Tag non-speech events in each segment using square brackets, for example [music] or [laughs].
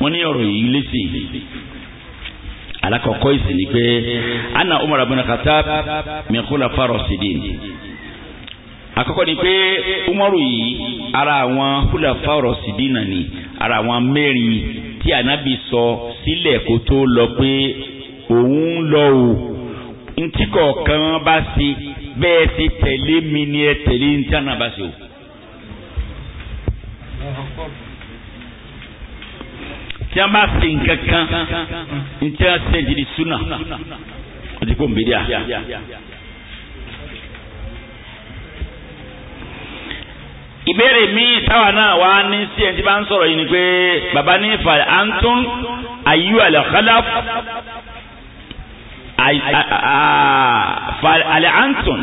wọ́n ní ọ̀rọ̀ yìí lẹ́sìn alakọ̀kọ́ ìsìn ni pé anna umar abuna khatab mẹ́kúnlá farosidin àkọ́kọ́ ni pé umaru yìí ara àwọn húlà farosidin náà ni ara àwọn mẹ́rin tí anabi sọ sílẹ̀ kó tó lọ pé òun lọ o ntí kọ̀ọ̀kan bá ṣe bẹ́ẹ̀ ti tẹ̀lé mi ni ẹ tẹ̀lé ntí ṣe o. tí a bá ṣe nǹkan kan ní tí a ṣe jìnnì súnà o ti kó n bèdè à. ìbéèrè míì táwa náà wá ní sí ẹni tí bá ń sọ̀rọ̀ yìí ni pé bàbá ní ìfà antum ayú al-khalaf fàlẹ́ antum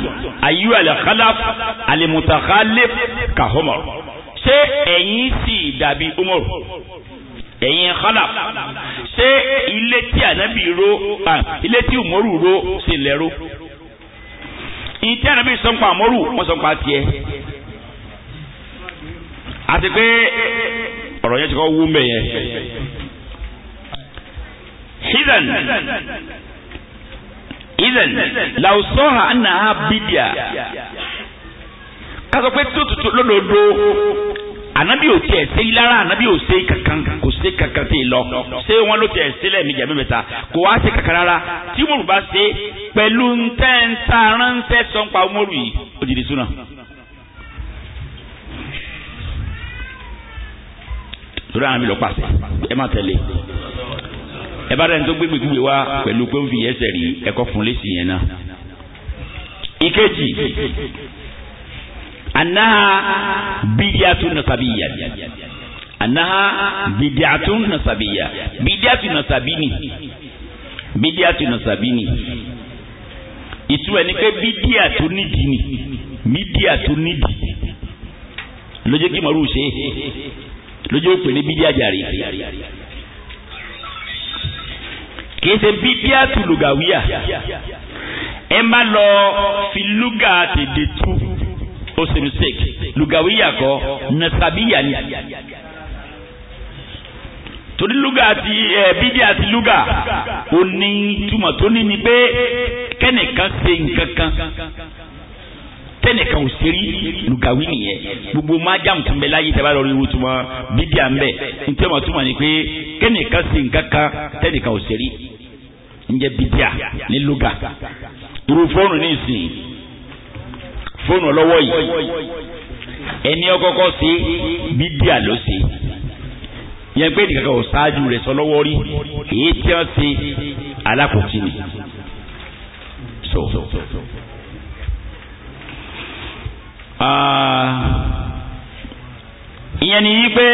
ayú al-khalaf al-mutakhalif ka Umar ṣé ẹ̀yin sì dàbí Umar ẹ̀yin khalaf ṣé ilé tí ànábì ro ilé tí umaru ro ṣe lẹ́rọ ìtẹ́ ànábì sọ́npa umaru wọ́n sọ́npa tiẹ̀ àti pé ọ̀rọ̀ yẹn ti kọ́ wú mbẹ̀ yẹn hidden hidden làwùsọ́hà ànà àbídìà kásọ̀ pé tó tutù lódodo anabi ò tiẹ̀ ṣe lára anabi ò ṣe kankan kò ṣe kankan tẹ̀ lọ ṣé wọn ló tiẹ̀ ṣe lẹ́ẹ̀mejì àbí mẹ́ta kò wá ṣe kankan rárá tí mo bá ṣe pẹ̀lú ntẹ́ntà ránṣẹ́ sọ́npa ọmọrù yìí ó jìnnì súnà. lórí àwọn mi lọ pàṣẹ ẹ má tẹ̀lé ẹ bá dẹni tó gbégbé gbúgbé pẹ̀lú pé ó fi ẹsẹ̀ rí ẹ̀kọ́ fún lẹ́sìn yẹn náà. ìkejì annaha bid'atun nasabiyyah annaha bid'atun nasabiyyah bid'atun nasabini bid'atun nasabini ìtumọ̀ ni pé bídíà tó nídìí ni bídíà tó nídìí lójú kí mọ̀rú ṣe lójú pè ní bídíà jàre kì í ṣe fi ó ṣe mistake lugawiya kọ́ nasabiya ni torí luga àti ẹ bídí àti luga ó ní túmọ̀ tó ní ni pé kẹ́nìkan ṣe nǹkan kan tẹnìkan ò ṣe rí lugawi nìyẹn gbogbo májàmù tó ń bẹ láyé tẹ́lá lórí ìwòtúmọ̀ bídí à ń bẹ̀ ni pé kẹ́nìkan ṣe nǹkan kan tẹ́nìkan ò ṣe rí ń jẹ́ luga irú fóònù ní ìsìn fóònù lọ́wọ́ yìí ẹni ọkọ̀ọ̀kọ̀ sí bídíà ló ṣe yẹn pé nìkan kan ò ṣáájú rẹ̀ sọ lọ́wọ́ rí èyí tí wọ́n ṣe alákòókì ni. so ah, ìyẹn ni wípé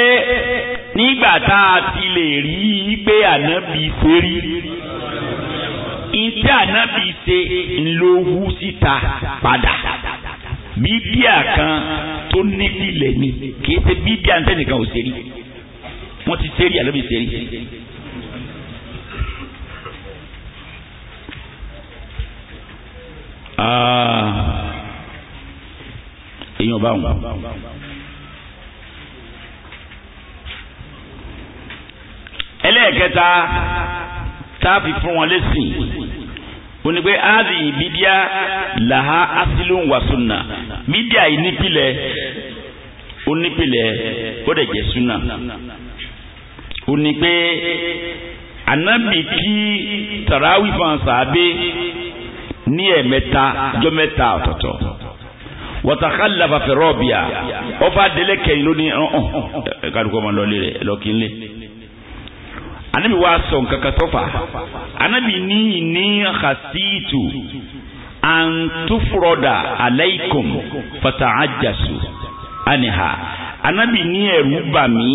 nígbà tá a ti lè rí i pé ànábì ṣe rí ìtí ànábì ṣe ńlọ wú síta padà bídíà kan tó nípìlẹ̀ ni kì í ṣe bídíà ń tẹ̀sí kan ò ṣeré wọ́n ti ṣeré àlọ́ mi ṣeré. Ah, èèyàn bá wọn. ẹlẹ́ẹ̀kẹta tá a fi fún wọn lẹ́sìn ó ní pé áàdì ìbídíà làhá asílùn wà mídíà yìí nípìlẹ̀ ó nípìlẹ̀ ó dẹ̀ jẹ́ súnà ó ní pé ànábì kí tàràwí fansa abé ní ẹ̀mẹ́ta jọ mẹ́ta ọ̀tọ̀ọ̀tọ̀ wọ́tàkàlà fàfẹ́rọ́ bíà ọba délé kẹyìn lónìí ọ̀hún kálukọ́ máa lọ lé rẹ̀ lọ́kínlé anabi wa sọ nǹkan kan tọ́fà anabi ní ìní xasiitu antufuroda aleikum fata'ajjasu aniha anabi ní ẹ̀rù bà mí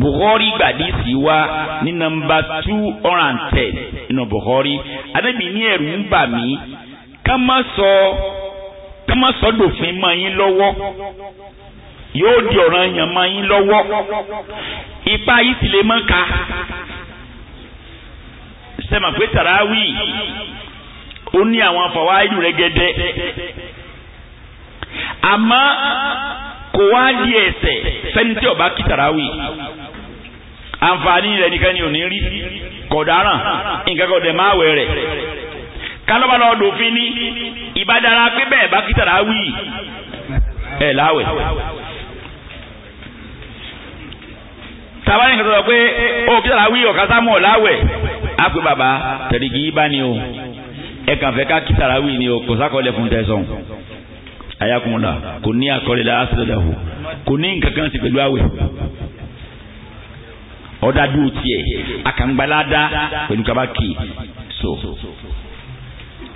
bukhari wa ní nọ́mbà two hundred and ten nínú bukhari anabi ní ẹ̀rù bà mí ká má sọ ká má sọ dòfin mọ́ yín lọ́wọ́ yóò di ọ̀ràn yàn mọ́ yín lọ́wọ́ ipa yìí sì lè mọ́ ka sẹ́mà pé tàràwì ó ní àwọn afọwáyù rẹ́gẹ́dẹ́ àmọ́ kò wá di ẹsẹ̀ fẹ́ni tí ọba kìtàráwì àǹfààní rẹ̀ nìkan ni ò ní rí kọ̀dáràn nǹkan kọ̀dẹ̀ máa wẹ̀ rẹ̀ kálọ́bà lọ dòfin ní ìbádara pé bẹ́ẹ̀ bá kìtàráwì ẹ̀ láwẹ̀ tàbá nìkan sọ̀rọ̀ pé ó kìtàráwì ọ̀kásámọ̀ láwẹ̀ á pé bàbá tẹ̀lé kì í bá ní o ẹ kàn fẹ́ ká kí tàràwì ni o kò sákọ̀ọ́lẹ̀ fún tẹ̀sán ayakunla kò ní àkọọ́lẹ̀ la asẹ́dàwò kò ní nǹkan kan sí pẹ̀lú àwẹ̀ ọ̀dàdú tiẹ̀ akàǹgbáládá pẹ̀lú kabaki so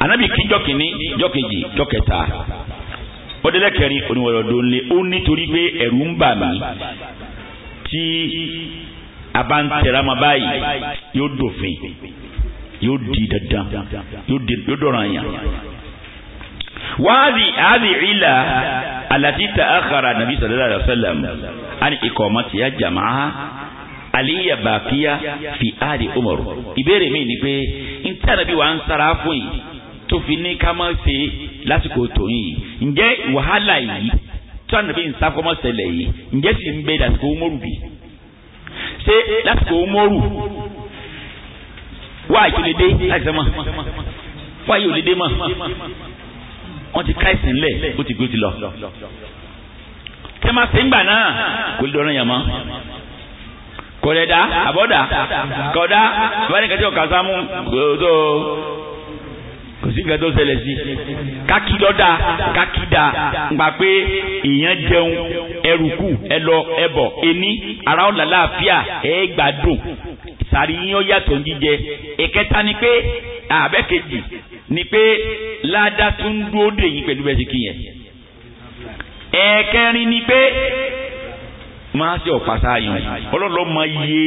anabi kí jọ́kìnní jọ́kejì jọ́kẹta ọdẹlẹ kẹrin oníwọlọdọ ńlẹ ó nítorí pé ẹ̀rù ń bà mí tí a bá ń tẹ̀ra ma báyìí yóò dòfin yóò di dandan yóò dọ̀rọ̀ àyàn. wáàdì àbí ìlà àlàtí ta àkàrà nàbí sàlẹ́lá rẹ̀ sẹ́lẹ̀m àni ikọ̀ ọmọ tìyà jàmáà aliya bakiya fi adi umaru ìbéèrè mi ni pé ntí àdàbí wa ń sara fún yìí tó fi ní ká má ṣe lásìkò tòun yìí ǹjẹ́ wàhálà yìí tó àdàbí nsàkọ́mọ́sẹ̀lẹ̀ yìí ǹjẹ́ sì ń bẹ lásìkò umaru bi ṣé lásìkò umaru wá ìtòlédé láti sẹ́mọ̀ wáyé òlédé mọ̀ wọ́n ti káìsì ńlẹ̀ ó ti gbé ti lọ. tẹ́lẹ̀ máa ṣe ń gbà náà kò lè dọ́rọ̀ yàn mọ́ kò lè dá àbọ̀dá kọ̀dá ìwádìí kẹ́tẹ́ ọ̀kà sámú tó kò sí nǹkan tó ṣẹlẹ̀ sí kákí lọ́dà kákí dà ńgbà pé ìyẹn jẹun ẹrù kù ẹlọ ẹbọ ẹni ara ọ̀là láàfíà ẹ gbádùn sàrí yín ó yàtọ̀ jíjẹ ìkẹta ni pé àbẹ́kejì ni pé ládá tó ń dúró dè yín pẹ̀lú bẹ́ẹ̀ sí kí yẹn ẹ̀ẹ̀kẹrin ni pé máa ṣe ọ̀pàṣà yàn ọlọ́lọ́ máa yẹ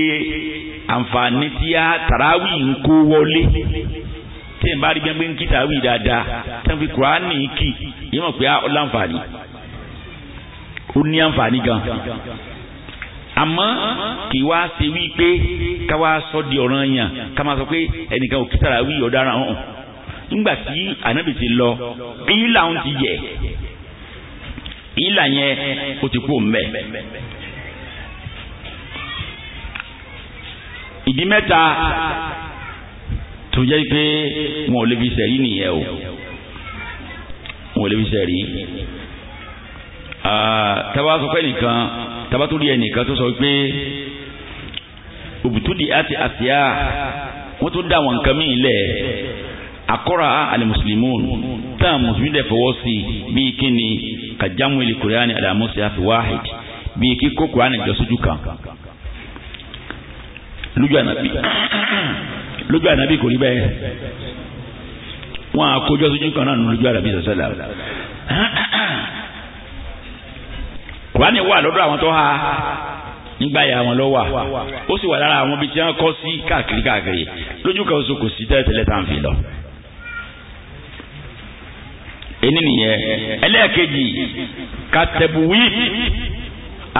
àǹfààní tí a tàràwì ń kó wọlé tí n bá rí gbẹ́ngbẹ́ ń kí tàràwì dáadáa tí wọ́n fi kùránì kì yín mọ̀ pé ah, ó láǹfààní ó ní àǹfààní gan àmọ́ kì í wá ṣe wí pé ká wá sọ di ọ̀ràn yàn ká máa sọ pé ẹnìkan ò kí wí ọ̀daràn hàn nígbà tí ànábì ti lọ èyí làwọn ti yẹ èyí là yẹn ó ti kú òǹbẹ. ìdí mẹ́ta tó jẹ́ pé wọn ò lè fi sẹ̀rí nìyẹn o wọn ò lè fi sẹ̀rí. tẹ́wọ́ sọ pé nìkan tabatoli ẹnìkan tó sọ pé òbítúdi àti àsíá wọ́n tó dá àwọn nǹkan míì lẹ̀ akọ́ra alimusilimun tá a mùsùlùmí dẹ̀ fọwọ́ sí i bíi kíni kàjámù ilé kùránì alamusi àfi wáhid bíi kíkó kùránì jọ sójú kan lójú ànábì lójú ànábì kò rí bẹ́ẹ̀ wọ́n á kójọ́ sójú kan náà lójú ànábì sọ̀sẹ̀ làwọn kùránì wà lọ́dọ̀ àwọn tó ha nígbà yà wọn lọ wà ó sì wà lára àwọn ibi tí wọn kọ́ sí káàkiri káàkiri lójú kan oṣù kò sí tẹ́lẹ̀tẹ́lẹ̀ tá à ń fi lọ. ẹni nìyẹn ẹlẹ́ẹ̀kejì kàtẹ́bùwí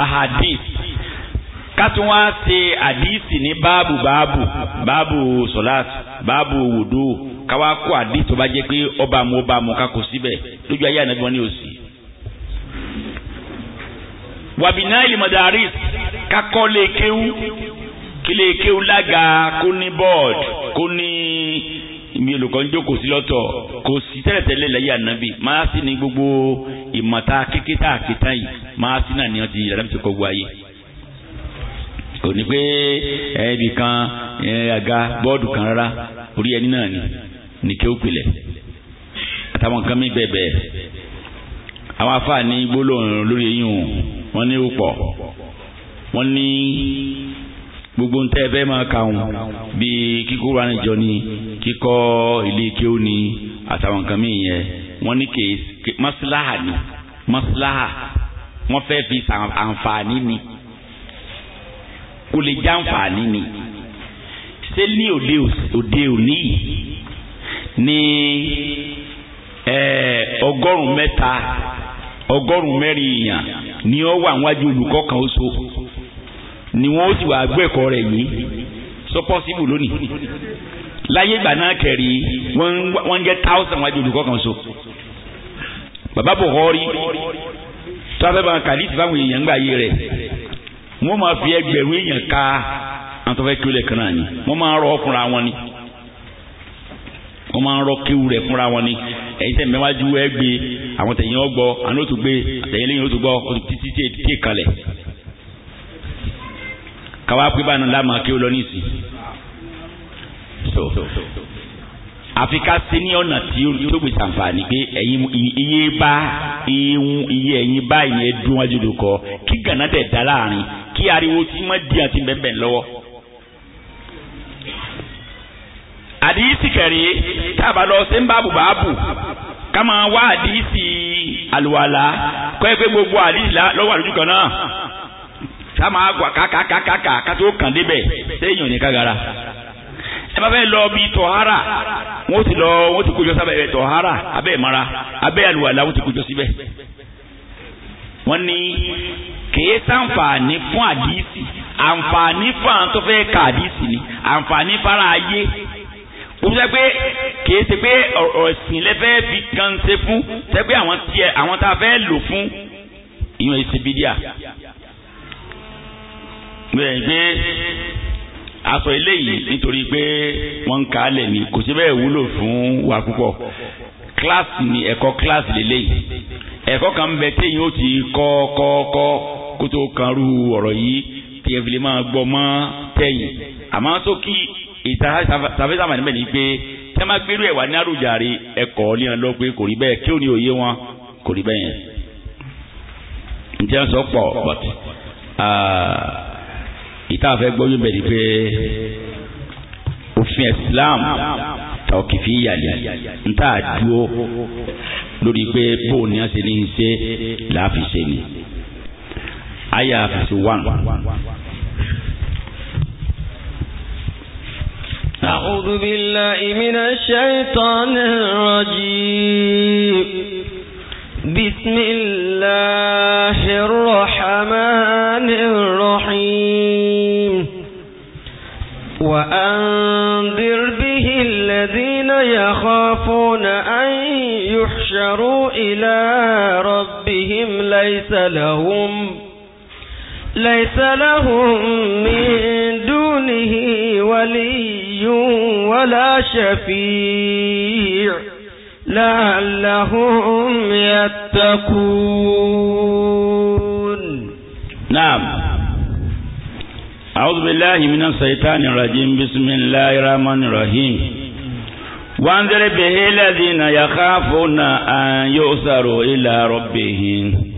ahadi kátún wá ṣe àdíìsì ní báàbù báàbù báàbù sọláàt báàbù wùdú káwá kó àdíìsì tó bá jẹ́ pé ọba mu ọba mu lójú ayé ànágbọ́n ní òsì wàbínáìlì madaris kakọ́ lè kéwú kí lè kéwú lága kó ní bọ́ọ̀d kó ní ìmí olùkọ́ ń jókòó sí lọ́tọ̀ kò sí tẹ́lẹ̀tẹ́lẹ̀ lẹ́yìn ànábì máa sí ní gbogbo ìmọ̀ta kékeré àkìtá yìí máa sí náà ní ọtí ànábì tó kọ́ gbọ́ ayé kò ní pé ẹbì kan àga bọ́ọ̀dù kan rárá orí ẹni náà ni ní kéwú pilẹ̀ àtàwọn kan mi bẹ̀ bẹ̀ àwọn afáàní gbólóhùn lórí eyín òun wọ́n ní púpọ̀ wọ́n ní gbogbo ń tẹ́ ẹ bẹ́ẹ̀ máa ka wọn bíi kíkó ránìjọ ni kíkọ́ ilé kéwù ni àtàwọn nǹkan mí yẹn wọ́n ní kèé mọ́síláhà ni mọ́síláhà wọ́n fẹ́ fi àǹfààní ni kò lè já àǹfààní ni ṣé ní òde òní ní ọgọ́rùn-ún mẹ́ta ọgọ́rùn-ún mẹ́rin èèyàn ni ó wà níwájú olùkọ́ kan ó so ni wọ́n ó sì wá gbọ́ ẹ̀kọ́ rẹ̀ yìí sọ pọ́sibù lónìí láyé ìgbà náà kẹ̀rí wọ́n ń jẹ́ táwùsàn wájú olùkọ́ kan so bàbá Buhari tọ́fẹ́bà kàdísì fáwọn èèyàn gbà yé rẹ̀ wọ́n máa fi ẹgbẹ̀rún èèyàn ká àtọ́fẹ́ kí ó lẹ̀ kan náà ni wọ́n máa ń rọ ọkùnrin àwọn ni wọ́n máa ń rọ kéwù rẹ̀ fúnra wọn ni ẹ̀yin tẹ̀ mẹ́wájú ẹgbẹ́ àwọn tẹ̀yìn ọgbọ́ àná ó tún gbé àtẹ̀yìn lẹ́yìn ó tún gbọ́ ó tún títí tí è kalẹ̀ káwá pé báyìí náà kí ó lọ nísì. àfi ká sí ní ọ̀nà tí ó gbèsè àǹfààní pé iye bá iye ẹ̀yìn báyìí ni ẹ dún wájú ló kọ kí gànà tẹ̀ dá láàrin kí ariwo tí mọ́ di àti bẹ́ẹ̀ lọ́wọ́. àdìsí kẹrin tábà lọ sí ń Kama máa wá àdìsí àlùwàlà kọ́ ẹ pé gbogbo àdìsí lọ́wọ́ àlùjù kan náà ká máa gbà kákàkàkàkà ká tó kàn débẹ̀ séèyàn ní kágara ẹ bá fẹ́ lọ bí tọ̀hárà wọ́n ti lọ wọ́n ti kójọ sábẹ́ tọ̀hárà abẹ́ ìmara abẹ́ àlùwàlà wọ́n ti kójọ síbẹ̀ wọ́n ní kèé sàǹfààní fún àdìsí àǹfààní fún àwọn tó fẹ́ ka àdìsí ni àǹfààní fara ayé òun sọ pé kìí ṣe pé ọ̀rọ̀ ìsìn lẹ́fẹ́ fi kan ṣe fún ṣe pé àwọn tiẹ̀ àwọn tá a fẹ́ lò fún ìyọ̀n ìsìn bídíà bẹ́ẹ̀ pé aṣọ eléyìí nítorí pé wọ́n ń kà á lẹ̀ kò sí bẹ́ẹ̀ wúlò fún wa púpọ̀ kíláàsì ni ẹ̀kọ́ kíláàsì lélẹ́yìí ẹ̀kọ́ kan bẹ téyìn ó ti kọ́ kọ́ kọ́ kó tó kan rú ọ̀rọ̀ yìí tí fi lè máa gbọ́ mọ́ tẹ̀yìn àmọ́ sókí ìtara tàbí sàmà níbẹ̀ ni pé tí a máa gbérú ẹ̀ wá ní àrùjàre ẹ̀kọ́ ní ọlọ́ pé kò rí bẹ́ẹ̀ kí ó ní òye wọn kò rí bẹ́ẹ̀ yẹn. ǹjẹ́ ń sọ pọ̀ but ìta fẹ́ gbọ́ bẹ̀ ni pé òfin Islam tọ́kì fi yàlẹ̀ níta àdúró lórí pé bóun ni a ṣe ní í ṣe láàfin ṣe ni. aya fifty one. أعوذ بالله من الشيطان الرجيم بسم الله الرحمن الرحيم وأنذر به الذين يخافون أن يحشروا إلى ربهم ليس لهم ليس لهم من دونه ولي ولا شفيع لعلهم يتقون نعم أعوذ بالله من الشيطان الرجيم بسم الله الرحمن الرحيم وانذر به الذين يخافون أن يؤثروا إلى ربهم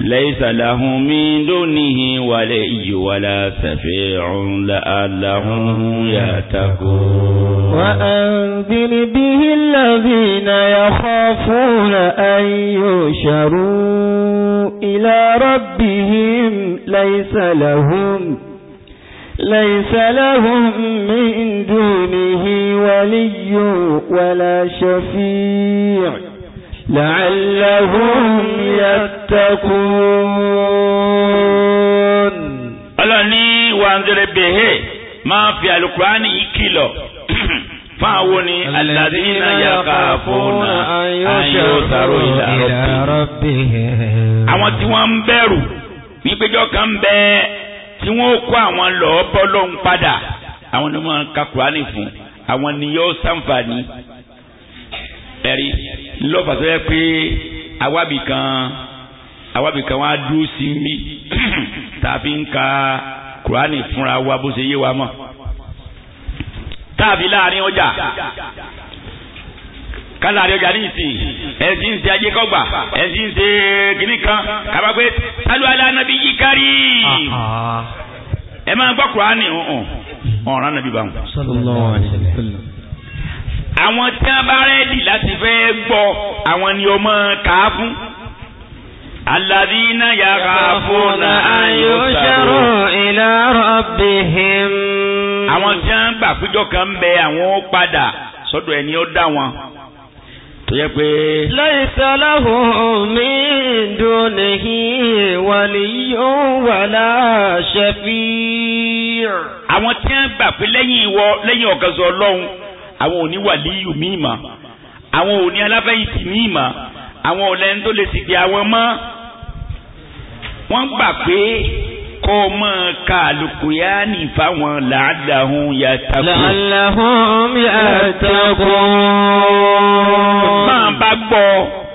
ليس له من دونه ولي ولا شفيع لعلهم يتقون وأنذر به الذين يخافون أن يشروا إلى ربهم ليس لهم ليس لهم من دونه ولي ولا شفيع لعلهم يتقون ọlọ́ni wàǹdẹ̀rẹ̀ bẹ̀hẹ́ máa fi alukurani ìkìlọ̀ fún àwọn ni alàdínà yàgà fún ayé òsàrò ìdàrọ́bì. àwọn tí wọ́n ń bẹ̀rù wípéjọ́ kan ń bẹ tí wọ́n kó àwọn lọ́ọ́ bọ́ lóhun padà àwọn ni wọ́n ka kurani fún àwọn ni yóò ṣàǹfààní ẹ̀rí lọ́fà tó yẹ pé awábì kan awábì dúró sí mi tá a fi ń ka kùránì fúnra wa bó ṣe yé wa mọ̀ táàbí láàrin ọjà kálá àrẹ ọjà ní ìsìn ẹ̀sì ń ṣe ajé kọ́gbà ẹ̀sì ń ṣe kìnnì kan kábà pé sálú aláàbí yí kárí ẹ máa gbọ́ kùránì ọ̀ràn nàbí báwọn. sallallahu àwọn tí wọ́n bá rẹ́dì láti fẹ́ gbọ́ àwọn ni ọmọ kàá fún. الذين يخافون أن يشروا إلى ربهم àwọn tí wọ́n gbà péjọ kan ń bẹ àwọn ó padà sọ́dọ̀ ẹni ó dá wọn tó yẹ pé. laysa lahum min dunihi waliyyun wala shafi'. àwọn tí wọ́n gbà pé lẹ́yìn ìwọ lẹ́yìn ọ̀gànzọ̀ ọlọ́run àwọn òní wàlíyù míì mà àwọn òní aláfẹ́yìntì míì mà àwọn ọ̀lẹ́ni tó lè sì di àwọn mọ́ wọ́n gbà pé kó mọ́ ká àlùkùyánì fáwọn làálàhùn yàtàkùn. làálàhùn yàtàkùn. máa bá gbọ́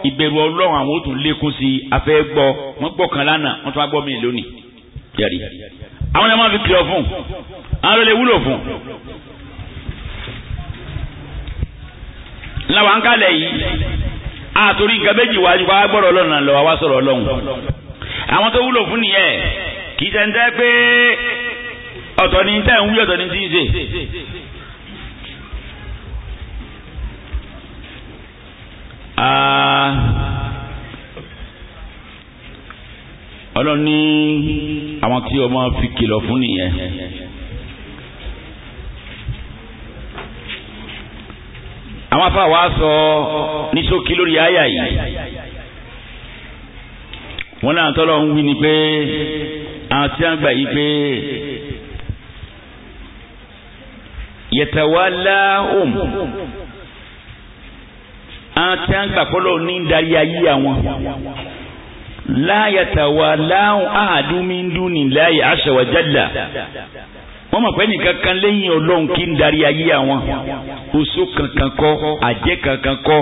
ìbẹ̀rù ọlọ́run àwọn ò tún lékún sí afẹ́ gbọ́ wọ́n gbọ́ kan lánàá wọ́n tún wá gbọ́ mí lónìí. àwọn ẹ̀ máa fi kìlọ̀ fún àwọn ẹ̀ lè wúlò fún làwọn kálẹ̀ yìí àtòrí nǹkan méjì wájú wá gbọ́dọ̀ ọlọ́run lọ wá sọ̀rọ̀ ọlọ́run àwọn tó wúlò fún nìyẹn kì í ṣe ń tẹ́ pé ọ̀tọ̀ ni tẹ́ ń wí ọ̀tọ̀ ni tí ń ṣe. ọlọ́run ní àwọn tí ọmọ fi kìlọ̀ fún nìyẹn. táwọn afa wa sọ ní ṣókí lórí àyà yìí wọn náà tọ́lọ̀ ń wí ni pé àwọn tí a ń gbà yìí pé yẹtẹ̀wálá òm àwọn tí a ń gbà kọ́lọ̀ ní darí ayé àwọn láyàtàwá láhùn áhàdúmíndúnì láyà wọ́n mọ̀ pé nìkan kan lẹ́yìn ọlọ́run kí ń darí ayé àwọn oṣù kankan kọ́ àjẹ́ kankan kọ́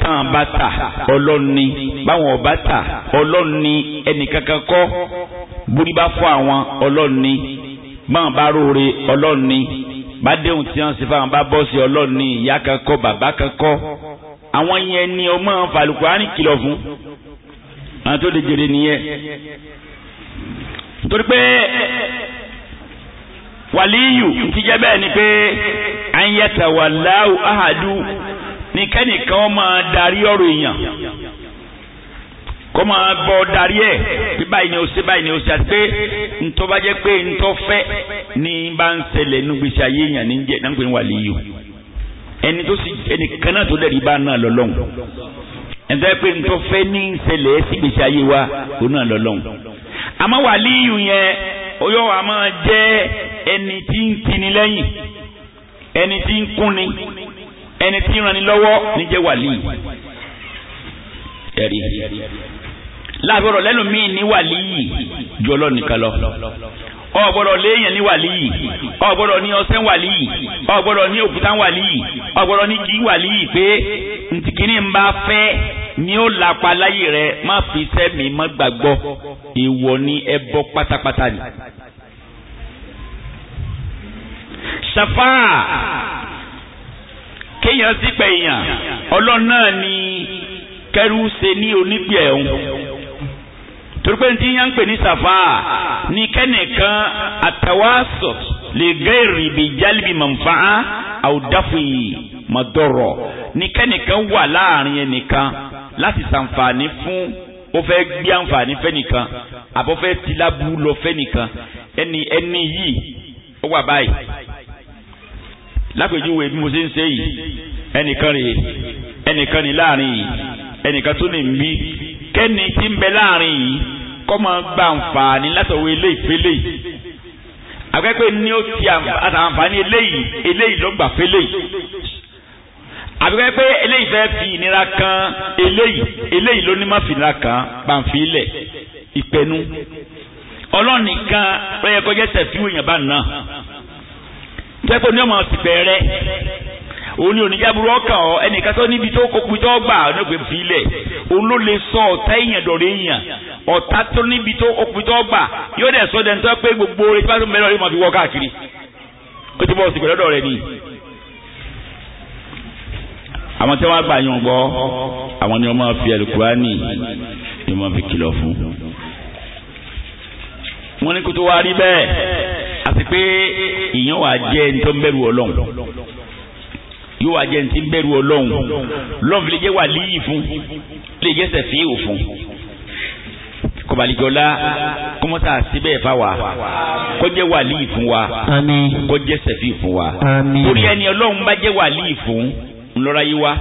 tán bá tà ọlọ́run ni báwọn ọba tà ọlọ́run ni ẹnìkankan kọ́ bórí bá fọ́ àwọn ọlọ́run ni báwọn bá róore ọlọ́run ni bádéhùn tí wọ́n sì fáwọn bá bọ́ọ̀sì ọlọ́run ni ìyá kan kọ́ bàbá kan kọ́ àwọn yẹn ni ọmọ fàlùkù á ní kìlọ̀ fún àwọn tó lè jèrè nìyẹn torí pé wàlíyù ti jẹ́ bẹ́ẹ̀ ni pé àyẹ̀tà wàláwù ahàdù ní kẹ́nìkan máa darí ọ̀rọ̀ èèyàn kọ́ máa bọ́ darí ẹ̀ bí báyìí ni ó ṣe báyìí ni ó ṣe àti pé ntọ́ bá jẹ́ pé ntọ́ fẹ́ ni bá ń ṣẹlẹ̀ nínú gbèsè ayé èèyàn ní jẹ́ náà ń pè ní wàlíyù ẹni tó sì ẹnìkan náà tó dẹ̀ bá náà lọ́lọ́hùn ẹ̀ńtọ́ yẹ pé ntọ́ fẹ́ ní ṣẹlẹ̀ sí gbèsè ayé wa òun náà lọ́lọ́hùn àmọ́ wàlíyù yẹn ó yọ àmọ́ jẹ́ ẹni tí ń kíni lẹ́yìn ẹni tí ń kúnni ẹni tí ń ranni lọ́wọ́ níjẹ́ wàlíì ẹ̀rí láàbọ̀rọ̀ lẹ́nu míì ní wàlíì ju ọlọ́run nìkan lọ ọ̀gbọ́dọ̀ léèyàn ní wàlíì ọ̀gbọ́dọ̀ ní ọṣẹ wàlíì ọ̀gbọ́dọ̀ ní òkúta wàlíì ọ̀gbọ́dọ̀ ní kí wàlíì pé ntìkíní ń bá fẹ́ ni ó lapa láyé rẹ má fi sẹ́mi má gbàgbọ́ ìwọ ni ẹ bọ́ pátápátá ni. ṣàfà kéèyàn sípè èèyàn ọlọ́run ni kẹrù ṣe ní onígbì ẹ̀hún torí pé tí yẹn ń pè ní ṣàfà ní kẹ́nìkan àtàwásọ̀ lè gẹ́rì bí jálìbí mọ̀nfà àwùdáfì mọ̀dọ̀rọ̀ ní kẹ́nìkan wà láàrin ẹnìkan láti ṣàǹfààní fún ó fẹ́ gbé àǹfààní fẹ́nìkan àbọ̀fẹ́ tìlábù lọ fẹ́nìkan ẹni ẹni yìí ó wà báyìí lápèjúwe bí mo ṣe ń ṣe yìí ẹnìkan rèé ẹnìkan ní láàrin yìí ẹnìkan tó ní mí kẹ́ni tí ń bẹ láàrin yìí kọ́ máa gba àǹfààní látọ̀wọ́ eléyìí yìí akẹ́kọ̀ọ́ ni ó ti àǹfààní eléyìí eléyìí ló gbà fẹ́lẹ́ yìí àbíkẹ́ pé eléyìí fẹ́ fi ìnira kan eléyìí eléyìí ló ní má fi ìnira kan pàǹfilẹ̀ ìpẹnu ọlọ́nìkan lọ́yẹ kọjá tẹ̀fíwò èèyàn bá náà tẹ́kọ̀ ní ọmọ ọ̀sìnbẹ̀ rẹ òun ni oníjàbúrú ọkàn ọ ẹnìkan tó níbi tó kókun tó gbà ọ̀nàgbé filẹ̀ òun ló lè sọ ọ̀tá èèyàn dọ̀rọ̀ èèyàn ọ̀tá tó níbi tó kókun tó gbà yóò dẹ̀ sọ dẹ́ntọ́ pé gbogbo orí tí wọ́n ti mẹ́rin ni àwọn tí wọ́n gbà yàn gbọ́ àwọn ni wọ́n máa fi alukurani ni wọ́n fi kìlọ̀ fún wọ́n ní kótó wa rí bẹ́ẹ̀ sí pé ìyẹn wà jẹ́ ẹni tó ń bẹ̀rù ọlọ́run yóò wà jẹ́ ẹni tí ń bẹ̀rù ọlọ́run lọ́n fi lè jẹ́ wà líyì fún lè jẹ́ sẹ̀fí òfun kọbalijọla kọmọta síbẹ̀ fa wa kó jẹ́ wà líyì fún wa kó jẹ́ sẹ̀fí fún wa torí ẹni ọlọ́run bá jẹ́ wà líyì fún ńlọra yìí wá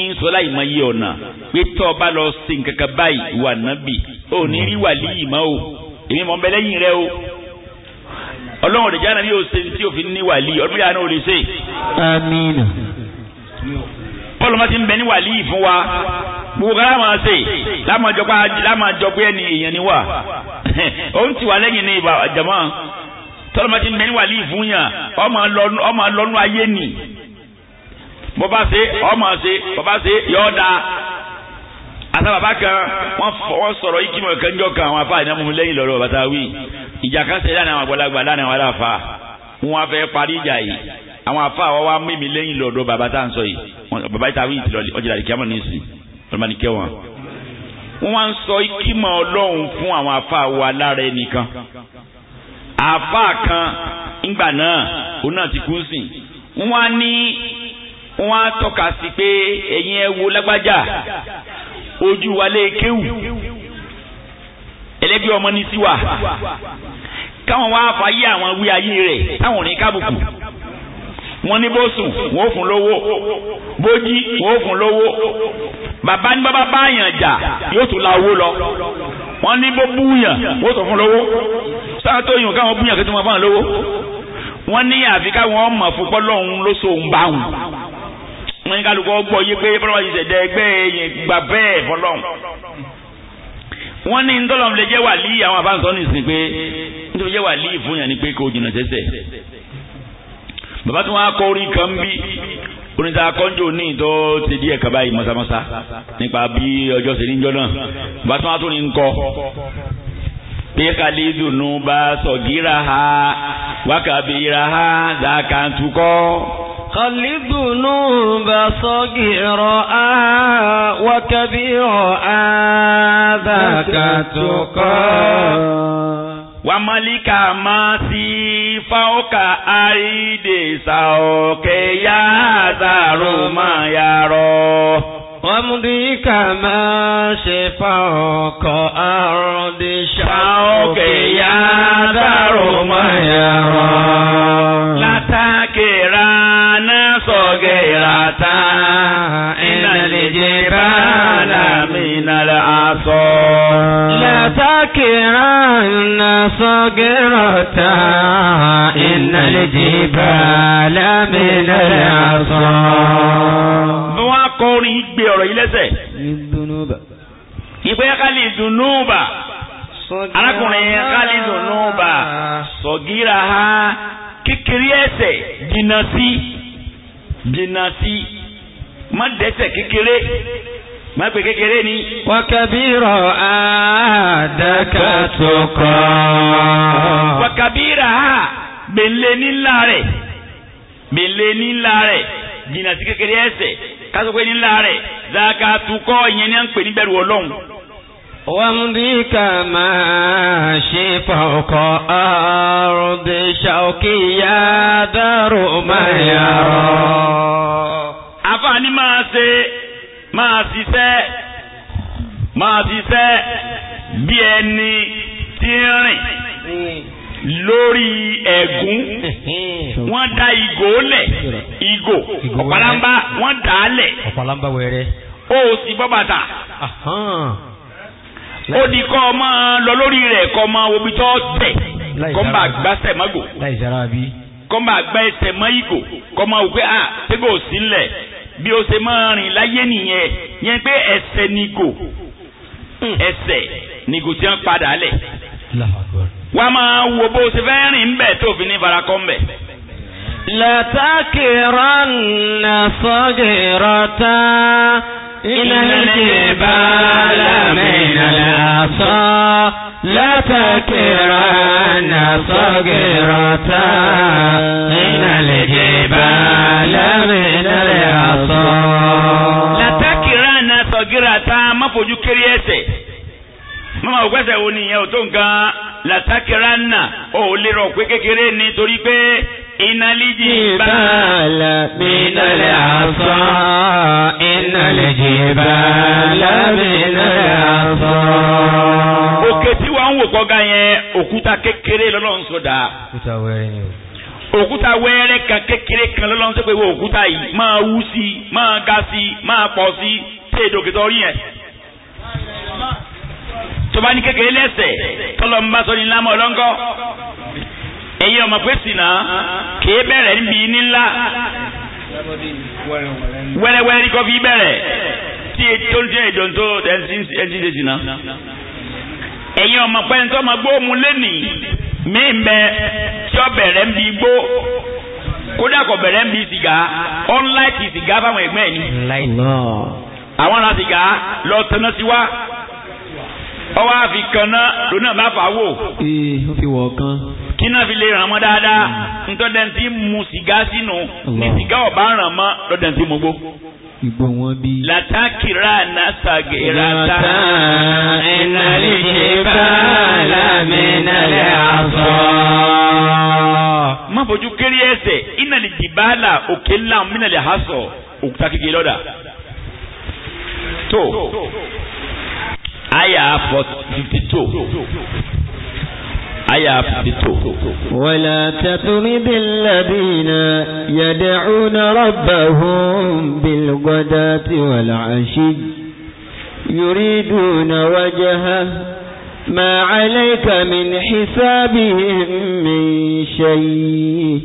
ń sọlá yìí máa yí ọ̀nà pé tọ́ ọ bá lọ sí nǹkan báyìí wà nábì ò ní rí wà líyì mọ́ o èmi mọ̀ ń lẹ́yìn rẹ o ọlọ́run òde jáde ní òsè tí òfin ní wàlí ọdún yàrá náà ò lè ṣe. amiina. bọ́ọ̀lù máa ti ń bẹ ní wàlí fún wa gbogbo kan láwọn ṣe lámàjọpá lámàjọpá èèyàn ni wà [laughs] ó ń tiwa lẹ́yìn ní ìbá àjàmọ́ tọ́lọ́ máa ti ń bẹ ní wàlí fún yàn ọmọ lọ́nu ayé nì bọ́ba ṣe ọmọ ṣe bọ́ba ṣe yọ̀ọ́ dáa àti bàbá kan wọ́n sọ̀rọ̀ yìí kí mọ̀ kẹ́ńjọ́ kan àwọn afá ìnáwó lẹ́yìn lọ́rọ̀ bàtà wí ìjà kan ṣe láàrin àwọn àgbàlagbà láàrin àwọn aláfa wọn fẹ́ parí ìjà yìí àwọn afá wa wá mímí lẹ́yìn lọ́dọ̀ bàbá tá à ń sọ yìí bàbá yìí tàwí ìtìlọ́lẹ̀ ọjà àdìkí àmọ́ nísì ọlọ́mọdékẹ́ wọn. wọ́n wá ń sọ ìkímọ̀ ọlọ́run fún àwọn afá wa lára ẹnìkan afá kan ńgbà náà òun náà ti kú sìn wọ́n á ní wọ́n á tọ́ka sí pé ẹ̀yin ẹ wo lágbájá ojú wale lé kéwù ẹlẹ́gbẹ́ ọmọ ní sí wa káwọn wá fàyè àwọn wí ayé rẹ̀ táwọn ní kábùkù wọ́n ní bó sùn wọ́n ó fún lówó bó jí wọ́n ó fún lówó bàbá ní bàbá báyàn jà yóò tún la owó lọ wọ́n ní bó búyàn wọ́n tún fún lówó sáà tó yùn káwọn búyàn kí tó máa fún àwọn lówó wọ́n ní àfi káwọn ọmọ fún pọ́lọ́hún ló so wọ́n ní kálukọ́ gbọ́ yé pé bọ́lá ti ṣẹ̀dá ẹgbẹ́ gbà bẹ́ẹ̀ fọlọ́n. wọ́n ní ntọ́lọ́m lè jẹ́ wàlí àwọn afáǹsọ́ ní ìsìn pé nítorí jẹ́ wàlí ìfún ni pé kò jìnnà sẹ́sẹ̀. bàbá tí wọ́n á kọ orin kan bí oníta kọ́njò ní ìtọ́ ti díẹ̀ kaba yìí mọ́sámọ́sá nípa bí ọjọ́ ṣe níjọ́ náà bàbá tí wọ́n á tún ní ń kọ́ lẹ́kàlẹ́ dùnú bá sọ̀gíra ha wákàbíra ha dàkàntukọ́. خلد نوب صغيرا وكبيرا ذاك تقى wamalika masi fauka aide saoke ya zaruma yaro حمدي كما شفاك أرض شوك يا دار ما يرى لا تكران صغيرة إن الجبال من العصا لا تكران صغيرة إن الجبال من العصا orin gbé ọ̀rọ̀ yìí lẹ́sẹ̀. ìpè kálí dùnúbà arákùnrin kálí dùnúbà sọ̀gíra ha kékeré ẹ̀ṣẹ̀ jìnnà sí jìnnà sí má dẹ́ṣẹ̀ kékeré má pè kékeré ni. wakabira àdàkà tó kọ́. wakabira ha gbèlè nílá rẹ̀ gbèlè nílá rẹ̀ jìnnà sí kékeré ẹ̀ṣẹ̀ kásán pé nílá rẹ̀ zakatukọ́ ìyẹn ní à ń pè níbẹ̀rù ọlọ́run. وامضيك ما شفوق أرض شوكي يا دار ما يرى àfààní máa ṣe máa ṣiṣẹ́ máa ṣiṣẹ́ bí ẹni tí ń rìn lórí ẹ̀gún [laughs] wọ́n dá ìgò lẹ̀ ìgò ọ̀pálámbá wọ́n dà á lẹ̀ ọ̀pálámbá wẹ̀rẹ̀ ó sì bọ́ ó di kọ́ ọmọ lọ lórí rẹ̀ kọ́ ọmọ omi tó tẹ̀ kọ́mbà gbàsẹ̀ mọ́gò kọ́mbà gbàsẹ̀ mọ́ ìgò kọ́mọ òpé à tẹ́gò sílẹ̀ bí o ṣe máa rìn láyé nìyẹn yẹn pé ẹsẹ̀ nìgò hmm. ẹsẹ̀ nìgò tí wọ́n padà lẹ̀ wọ́n máa wo bó o ṣe fẹ́ rìn ń bẹ̀ tó fi ní farakọ́ ń bẹ̀. لتكرن صغيرة إلى الجبال من العصا لتكرن صغيرة إلى الجبال من العصا لتكرن صغيرة ما فوجو كريسي ما ما وقفت أوني يا وتونكا làtàkìránà ò lè rọ̀ pé kékeré ni torí pé ìnàlíjì bàálà mìnàlẹ̀ àṣọ ìnàlíjì bàálà mìnàlẹ̀ àṣọ. òkè tí wọ́n ń wò kọ́ga yẹn òkúta kékeré lọ́lọ́run sọ̀dà. òkúta wẹ́rẹ́ ni o òkúta wẹ́rẹ́ kan kékeré kan lọ́lọ́run sọ pé wo òkúta yìí máa wú sí i máa ga sí i máa pọ̀ sí i tí èdè òkè tó rí yẹn tó bá ní kékeré lẹ́sẹ̀ tọ́lọ́ ń bá sọ ní lámọ̀ ọlọ́ngọ́ ẹ̀yin ọmọ pé sì náà kìí bẹ̀rẹ̀ níbi nílá wẹ́rẹ́wẹ́rẹ́ ní kọ́ fi bẹ̀rẹ̀ tí tó ń tẹ́ ìdán tó ẹ̀sìn ṣe sì náà ẹ̀yin ọmọ pé ní tó ọmọ gbó mu lẹ́nì mí bẹ tí ó bẹ̀rẹ̀ níbi gbó kódà kò bẹ̀rẹ̀ níbi sìgá ọ̀nláìtì sìgá fáwọn ẹ̀gbẹ́ ẹ̀ àwọn ará sìgá lọ tẹ̀ná sí wa ọwọ́ àfi kan náà ló náà bá fà wò. ee ó fi wọ̀ kan. kí náà fi lè ràn mọ́ dáadáa hmm. ntọ́dẹ̀ ti mu sìgá sínú ní sìgá ọ̀bá ràn mọ́ lọ́dẹ̀ ti mú gbó. Ìgbò wọn bí. Látàkìrá nàṣàgé rata. Ìnàlí ṣe bá lámìnàlẹ́ àṣọ. Má fojú kéré ẹsẹ̀, ìnàlí jìbálà òkè ńlá mìnàlẹ́ àṣọ òkúta kékeré lọ́dà. Tó. aya fifty two. ولا تطرد الذين يدعون ربهم بالغداة والعشي يريدون وجهه ما عليك من حسابهم من شيء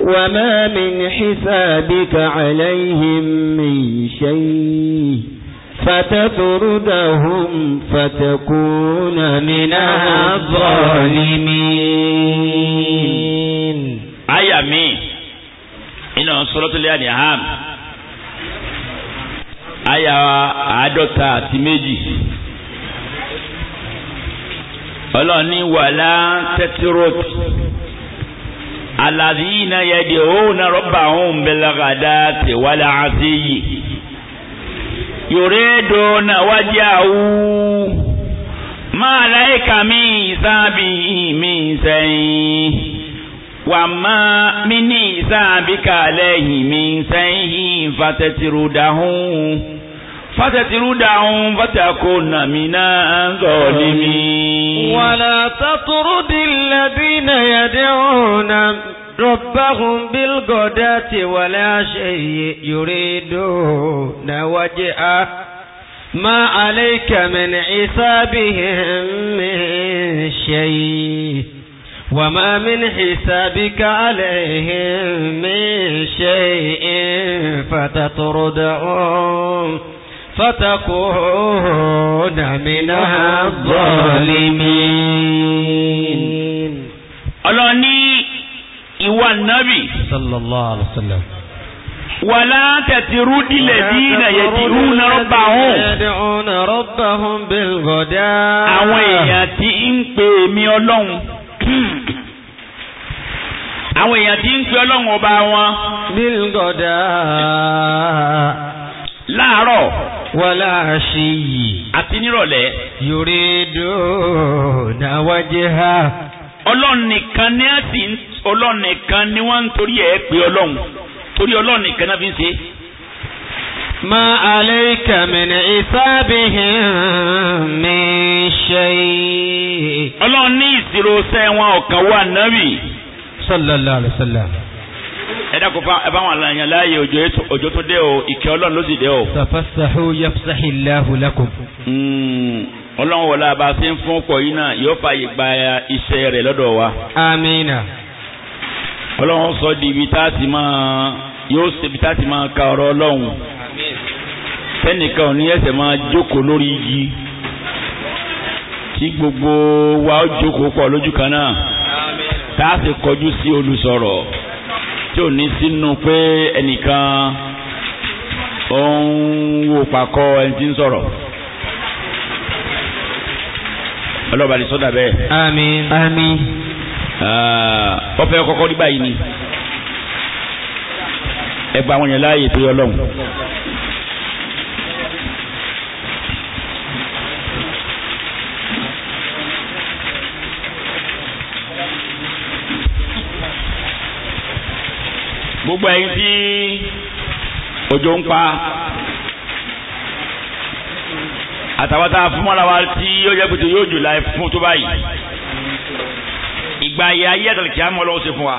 وما من حسابك عليهم من شيء فتطردهم فتكون من الظالمين آية مين إنه سورة الأنعام aya àádọ́ta àti méjì ọlọ́ọ̀ni wàlá tẹ́tírọ́t alàdínà yẹ́dì òun náà rọ́bà òun bẹ̀lẹ́gàdá tẹ̀wálá àti yìí yuriduna wajhahu ma laika min hisabihi min shay'in wa ma min hisabika alayhi min shay'in fatatirudahu فتتردعهم فتكون من الظالمين ولا تطرد الذين يدعون ربهم بالغداة ولا شيء يريدون وجهه ما عليك من حسابهم من شيء وما من حسابك عليهم من شيء فتطردهم فتكون من الظالمين الله ìwà nábì. sallallahu alaihi wa sallam. ولا تترد الذين يدعون ربهم يدعون ربهم بالغداء àwọn èèyàn tí ń pè mí Ọlọ́run àwọn èèyàn tí ń pè Ọlọ́run ọba wọn bilghadaء láàárọ̀ wala ashiyi àti nírọ̀lẹ́ yuriduna wajha Ọlọ́run nìkan ni a ti ń ọlọ́run nìkan ni wọ́n ń torí ẹ̀ pé ọlọ́run torí ọlọ́run náà fi ń ṣe. ma alayka min isabihim min shay. ọlọ́run ní ìṣirò sẹ́ ọ̀kan wà nábì. sallallahu alayhi sallam. ẹ dákun fún ẹ bá wọn àlàyé láàyè òjò tó dé o ìkẹ́ ọlọ́run ló sì dé o. tafassahu yafsahillahu lakum. Hmm, ọlọ́run wọlé abá ṣe ń fún ọkọ̀ yìí náà yóò fààyè gba iṣẹ́ rẹ̀ lọ́dọ̀ wa. amiina ọlọ́run sọ di ibi tá a ti máa yóò ṣe ibi tá a ti máa ka ọ̀rọ̀ ọlọ́run sẹ́nìkan ò ẹsẹ̀ máa jókòó lórí igi tí gbogbo wa ó jókòó pọ̀ lójú kan náà tá a sì kọjú sí olùsọ̀rọ̀ tí ò ní sínú pé ẹnìkan ó ń wo pàkọ́ ẹni tí ń sọ̀rọ̀ ọlọ́ba sọ́dà bẹ́ẹ̀. àmín. àmín. Ah, ọ̀fẹ́ kọ́kọ́ rí báyìí ni ẹ bá wọn yẹn láàyè torí ọlọ́run. gbogbo ẹ̀yin tí òjò ń pa àtàwọn tá a fún mọ́ra wa tí ó yẹ kùtù yóò jù láì fún tó báyìí ìgbàyà ayé àtàlùkì àmọ́ ọlọ́run ṣe fún wa.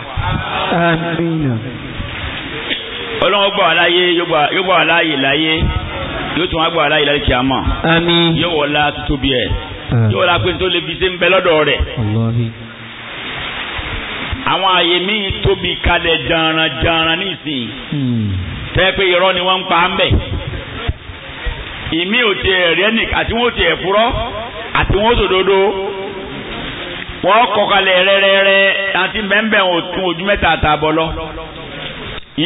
ọlọ́run gbà wá láyé yóò gbà wá láyé láyé yóò tún wá gbà wá láyé láyé kì á mọ̀. yóò wọlá títóbi ẹ̀ ah. yóò wọlá pé tó lè fi ṣe ń bẹ lọ́dọ̀ rẹ̀. àwọn àyè míì tóbi kalẹ̀ jàǹràǹjàǹràǹ nísìnyí hmm. tẹ́ pé irọ́ ni wọ́n ń pa á mẹ́ ìmí ò tiẹ̀ rẹ́ nìkan àti wọ́n ò tiẹ̀ furọ́ àti wọ́n ò sòdodo wọ́n kọkalẹ̀ rẹ́rẹ́rẹ́ àti bẹ́ẹ̀nbẹ́ẹ̀ ò tún ojú mẹ́ta àtàbọ̀ lọ.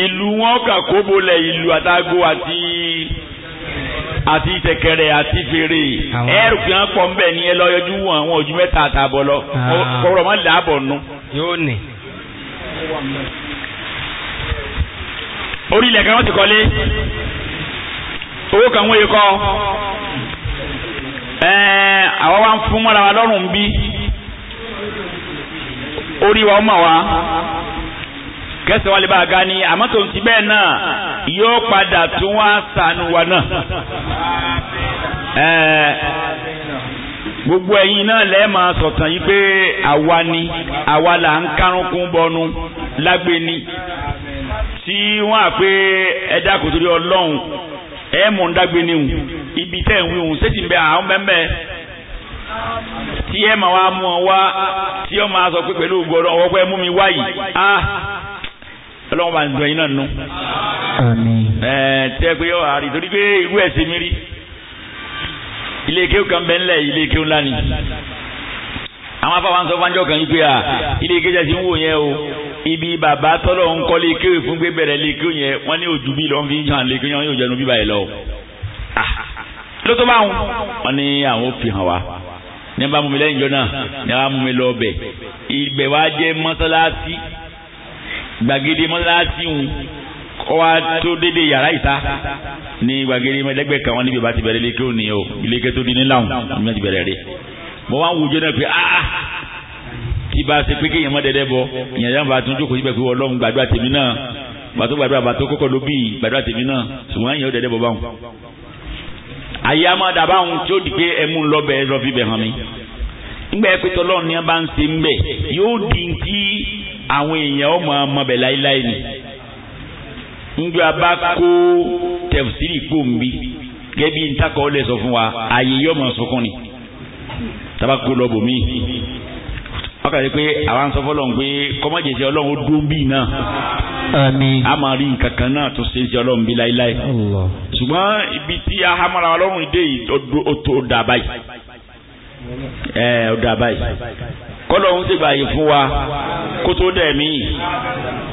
ìlú wọn kà kóbo lẹ̀ ìlú àtàgò àti àti tẹ̀kẹ̀rẹ̀ àti fèrè ẹ̀rù kí pọ̀ nbẹ̀ ni ẹ lọ yọjú wọn àwọn ojú mẹ́ta àtàbọ̀ lọ ah. kọ̀rọ̀ mọ́ làbọ̀ nù. yóò nì. orí ilẹ̀ kan wọ́n ti kọ́lé owó kan wọ́n yẹ kọ́ ẹ̀ẹ́n àwọn wa ń fún mọ́ra wa lọ́rùn bí. orí wa ọmọ wa kẹsẹ̀ wa lè bá ga ni àmọ́ tó ń ti bẹ́ẹ̀ náà yóò padà tún wá sànù wa náà. gbogbo ẹ̀yin náà lẹ́ẹ̀ máa sọ̀tàn yí pé àwa ni àwa là ń bọnu ni tí wọ́n á pé torí ọlọ́run ẹ ibi tẹ̀ ń wí òun ṣé ti tí ẹ máa wá mú ọ wá tí ọ máa sọ pé pẹ̀lú ògo ọwọ́ pẹ́ mú mi wá yìí á ah, ọlọ́run bá ń dùn náà nù. ẹ tẹ́ pé ọ àrí torí pé irú ẹ̀ ṣe mí rí ilé ike kan bẹ́ẹ̀ ńlẹ̀ ilé ike ńlá ni àwọn afáwọn sọ kan yìí à ilé ike jẹ́ sí ń wò yẹn o ibi bàbá tọ́lọ̀ ń kọ́ lékè fún pé bẹ̀rẹ̀ lékè yẹn wọ́n ní ojú bí lọ́n fi ń hàn lékè yẹn wọ́n yóò jẹnu bíbá yẹn lọ. Ah, ló tó wọn. ní àwọn ò fi hàn wá ní bá mú mi lẹ́yìn jọ náà ní bá mú mi lọ bẹ̀ ibẹ̀ wá jẹ́ mọ́sálásí gbàgede mọ́sálásí ń kọ́ wa tó dédé yàrá ìta ní gbàgede mẹ́lẹ́gbẹ̀ kan wọn níbi bá ti bẹ̀rẹ̀ iléeké òní o iléeké tó di níláhùn ní bá ti bẹ̀rẹ̀ rẹ̀ mo wá ń wùjọ náà pé ah, ah tí bá a ṣe pé kéèyàn mọ́ dẹ́dẹ́ bọ ìyẹn yàrá bá tún jókòó síbẹ̀ pé ọlọ́run gbàdúrà tèmi àyè amadaba ń tí ó di pé ẹmu lọ́bẹ̀ ẹ lọ́fi bẹ̀ hàn mi ngbà ẹ pété ọlọ́run ní bá ń ṣe ń bẹ̀ yóò di ti àwọn èèyàn ọmọ ọmọbẹ̀ láéláé ni ngbà bá kó tẹ̀síìrì kó ń bí gẹ́bí ntakọ̀ ọ́ lẹ̀ sọ fún wa àyè yọmọ sọkún ni tabakó lọ wọ́n kàdé pé àwọn sọ fọlọ́n pé kọ́mọ́jẹsẹ ọlọ́run ó dún bíi náà àmín a máa rí nǹkan kan náà tó ṣe ń ṣe ọlọ́run bíi láéláé ṣùgbọ́n ibi tí a hamara ọlọ́run dé yìí ó dà báyìí ẹ ó dà báyìí kọ́lọ́run sì gbààyè fún wa kó tó dẹ̀ mí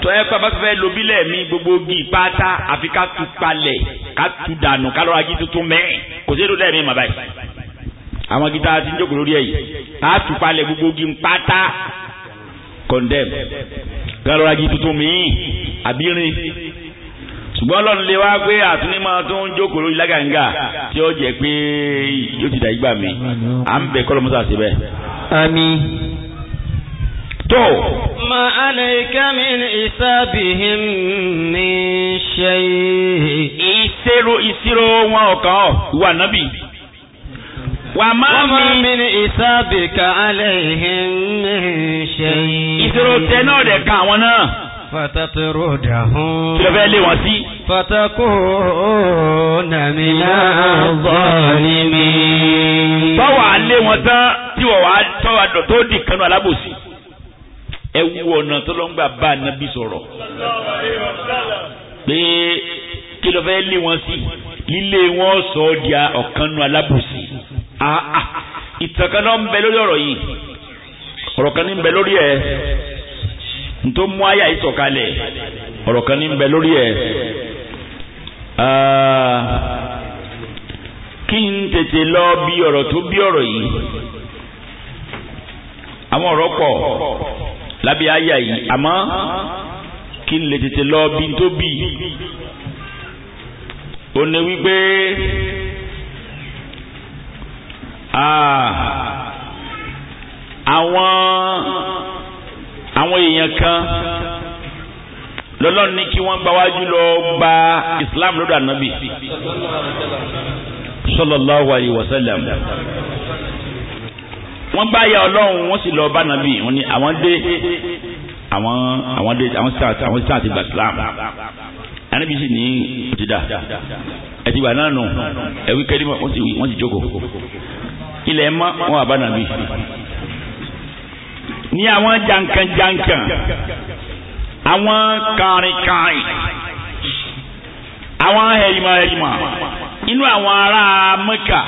tọ́ ẹ pàpà fẹ́ lo bílẹ̀ mi gbogbo gi pátá àfi ká tu palẹ̀ ká tu dànù ká lọ́ra jí tuntun mẹ́ kò sí ètò dẹ̀ mí mà báyìí àwọn gita ti ń jókòó lórí ẹ̀ yìí a tù palẹ̀ gbogbo gi pátá condemn gbàlọ́ra gi tuntun míì àbírin ṣùgbọ́n ọlọ́run lè wá pé àtúní máa tó ń jókòó lórí lágàǹgà tí ó jẹ́ pé yóò ti dà ìgbà mi à ń bẹ̀ kọ́lọ́ mọ́sá síbẹ̀. àmín. tó. ma alayka min ìsábìhìm min shay. ìṣirò ìṣirò wọn ọ̀kan ọ̀ ìwà nábì wàmá mi ní ìsábìkà alẹ́ ìhìn ṣe yìí. ìṣòro tẹ náà rẹ̀ ka àwọn náà. Fàtàtàrò dàhún. Kí ló fẹ́ lé wọn sí? Fàtàkó nàmínà bọ́ọ̀lì mi. Tọ́wà lé wọn tán tí wọ́n wá tọ́wà tó di kanú alábòsí. Ẹ wú ọ̀nà tó lọ gbà bá Nàbí sọ̀rọ̀. Pé kí ló lé wọn sí? Lílé wọn sọ ọ́ di ọ̀kanú alábòsí. Ah, ah. ìtàn kan náà ń bẹ lórí ọ̀rọ̀ yìí ọ̀rọ̀ kan ní ń bẹ lórí ẹ̀ ntó mú àyà ìsọ̀kalẹ̀ ọ̀rọ̀ kan ní ń bẹ lórí ẹ̀ ah, kí n tètè lọ bí ọ̀rọ̀ tó bí ọ̀rọ̀ yìí àwọn ọ̀rọ̀ pọ̀ lábẹ́ àyà yìí àmọ́ kí n lè tètè lọ bí n tó bí ó ní wípé. Ah. àwọn àwọn èèyàn kan lọ́lọ́run ní kí wọ́n gbáwájú lọ gba Islam lọ́dọ̀ ànábì sallallahu alayhi wa sallam wọ́n bá ya ọlọ́run wọ́n sì lọ bá nàbì wọ́n ní àwọn dé àwọn àwọn dé àwọn sí àwọn sí àti gba Islam ànábì sì ní òtítà ẹtì gbà náà nù ẹwí kẹ́lí wọ́n sì jókòó ilẹ̀ mọ́ wọn àbá nàbí ní àwọn jankan-jankan àwọn kàrìnkàrìn àwọn hẹ̀rìmọ̀-hẹ̀rìmọ̀ inú àwọn ará Mẹ́kà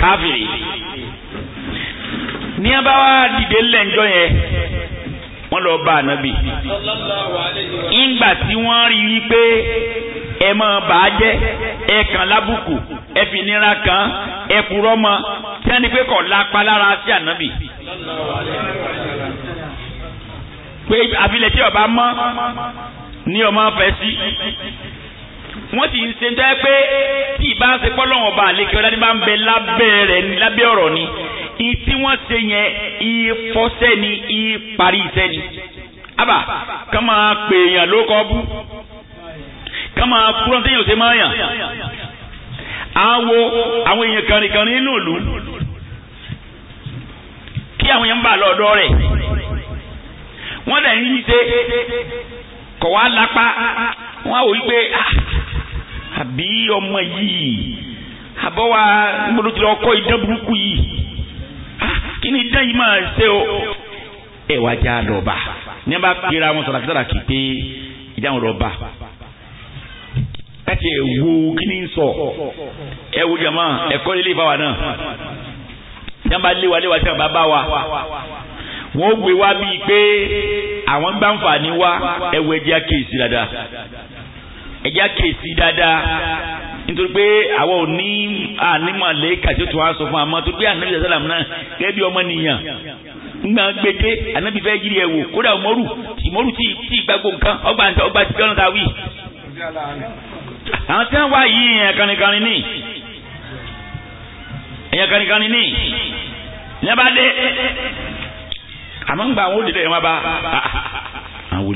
káfìrí ní abáwá dìde lẹ́njọ́ yẹn wọ́n lọ bá ànábì. ìgbà tí wọ́n rí i pé ẹ máa bà á jẹ́ ẹ kàn lábùkù ẹ fi nira kan ẹ kúrọ́ mọ́ tí wọ́n ní pé kọ̀ lápá lára sí ànábì. pé àfilẹ̀ tí ọba mọ́ ni ọmọ fẹ́ sí wọ́n ti ń ṣe ń tẹ́ pé tí ìbá ń ṣe pọ́ lọ́wọ́ ọba ọ̀dá ní bá ń bẹ lábẹ́ rẹ̀ lábẹ́ ọ̀rọ̀ ni. i tí wọ́n ṣe yẹn i fọ́sẹ́ ni i parí iṣẹ́ ni. àbà kàn máa pè èèyàn ló kọ bú kàn máa tí téèyàn ṣe máa yàn. wo àwọn èèyàn kànrìnkànrin nínú ìlú kí àwọn èèyàn ń bà rẹ̀ wọ́n ń yí ṣe kọ̀ wá lápá wọ́n á wò wípé ah, àbí ọmọ yìí àbọ̀wá kí ni dẹ́yìn máa ṣe o ẹ wá já lọ́ba ní a bá kíra wọn sọ̀rọ̀ àkítọ́ra kì í pé ìdáhùn lọ́ba láti ẹ̀ wo kí ni sọ ẹ wo jama ẹ̀kọ́ lé ìfáwa náà ní a bá léwa léwa tí a bá bá wa wọ́n gbé wa bíi pé àwọn gbàǹfààní wa ẹ wo ẹjẹ́ àkèésí dáadáa ẹjẹ́ àkèésí dáadáa nítorí pé àwa ò ní ànímọ̀lẹ́ kàtí tó wá sọ fún àmọ́ tó gbé ànábì sàlám náà gẹ́gẹ́ bí ọmọ nìyàn ńgbà gbèdé ànábì fẹ́ yiri ẹ̀ wò kódà ọmọrù ìmọ̀rù tí tí ìgbàgbọ́ nǹkan ọgbà ọgbà tí ọlọ́ta wí. àwọn tí wọ́n wá yìí ẹ̀yàn kanìkanì ní ẹ̀yàn kanìkanì ní ní abá àmọ́ ń gba ah, ah, ah, àwọn olùdíje yẹn bá àwọn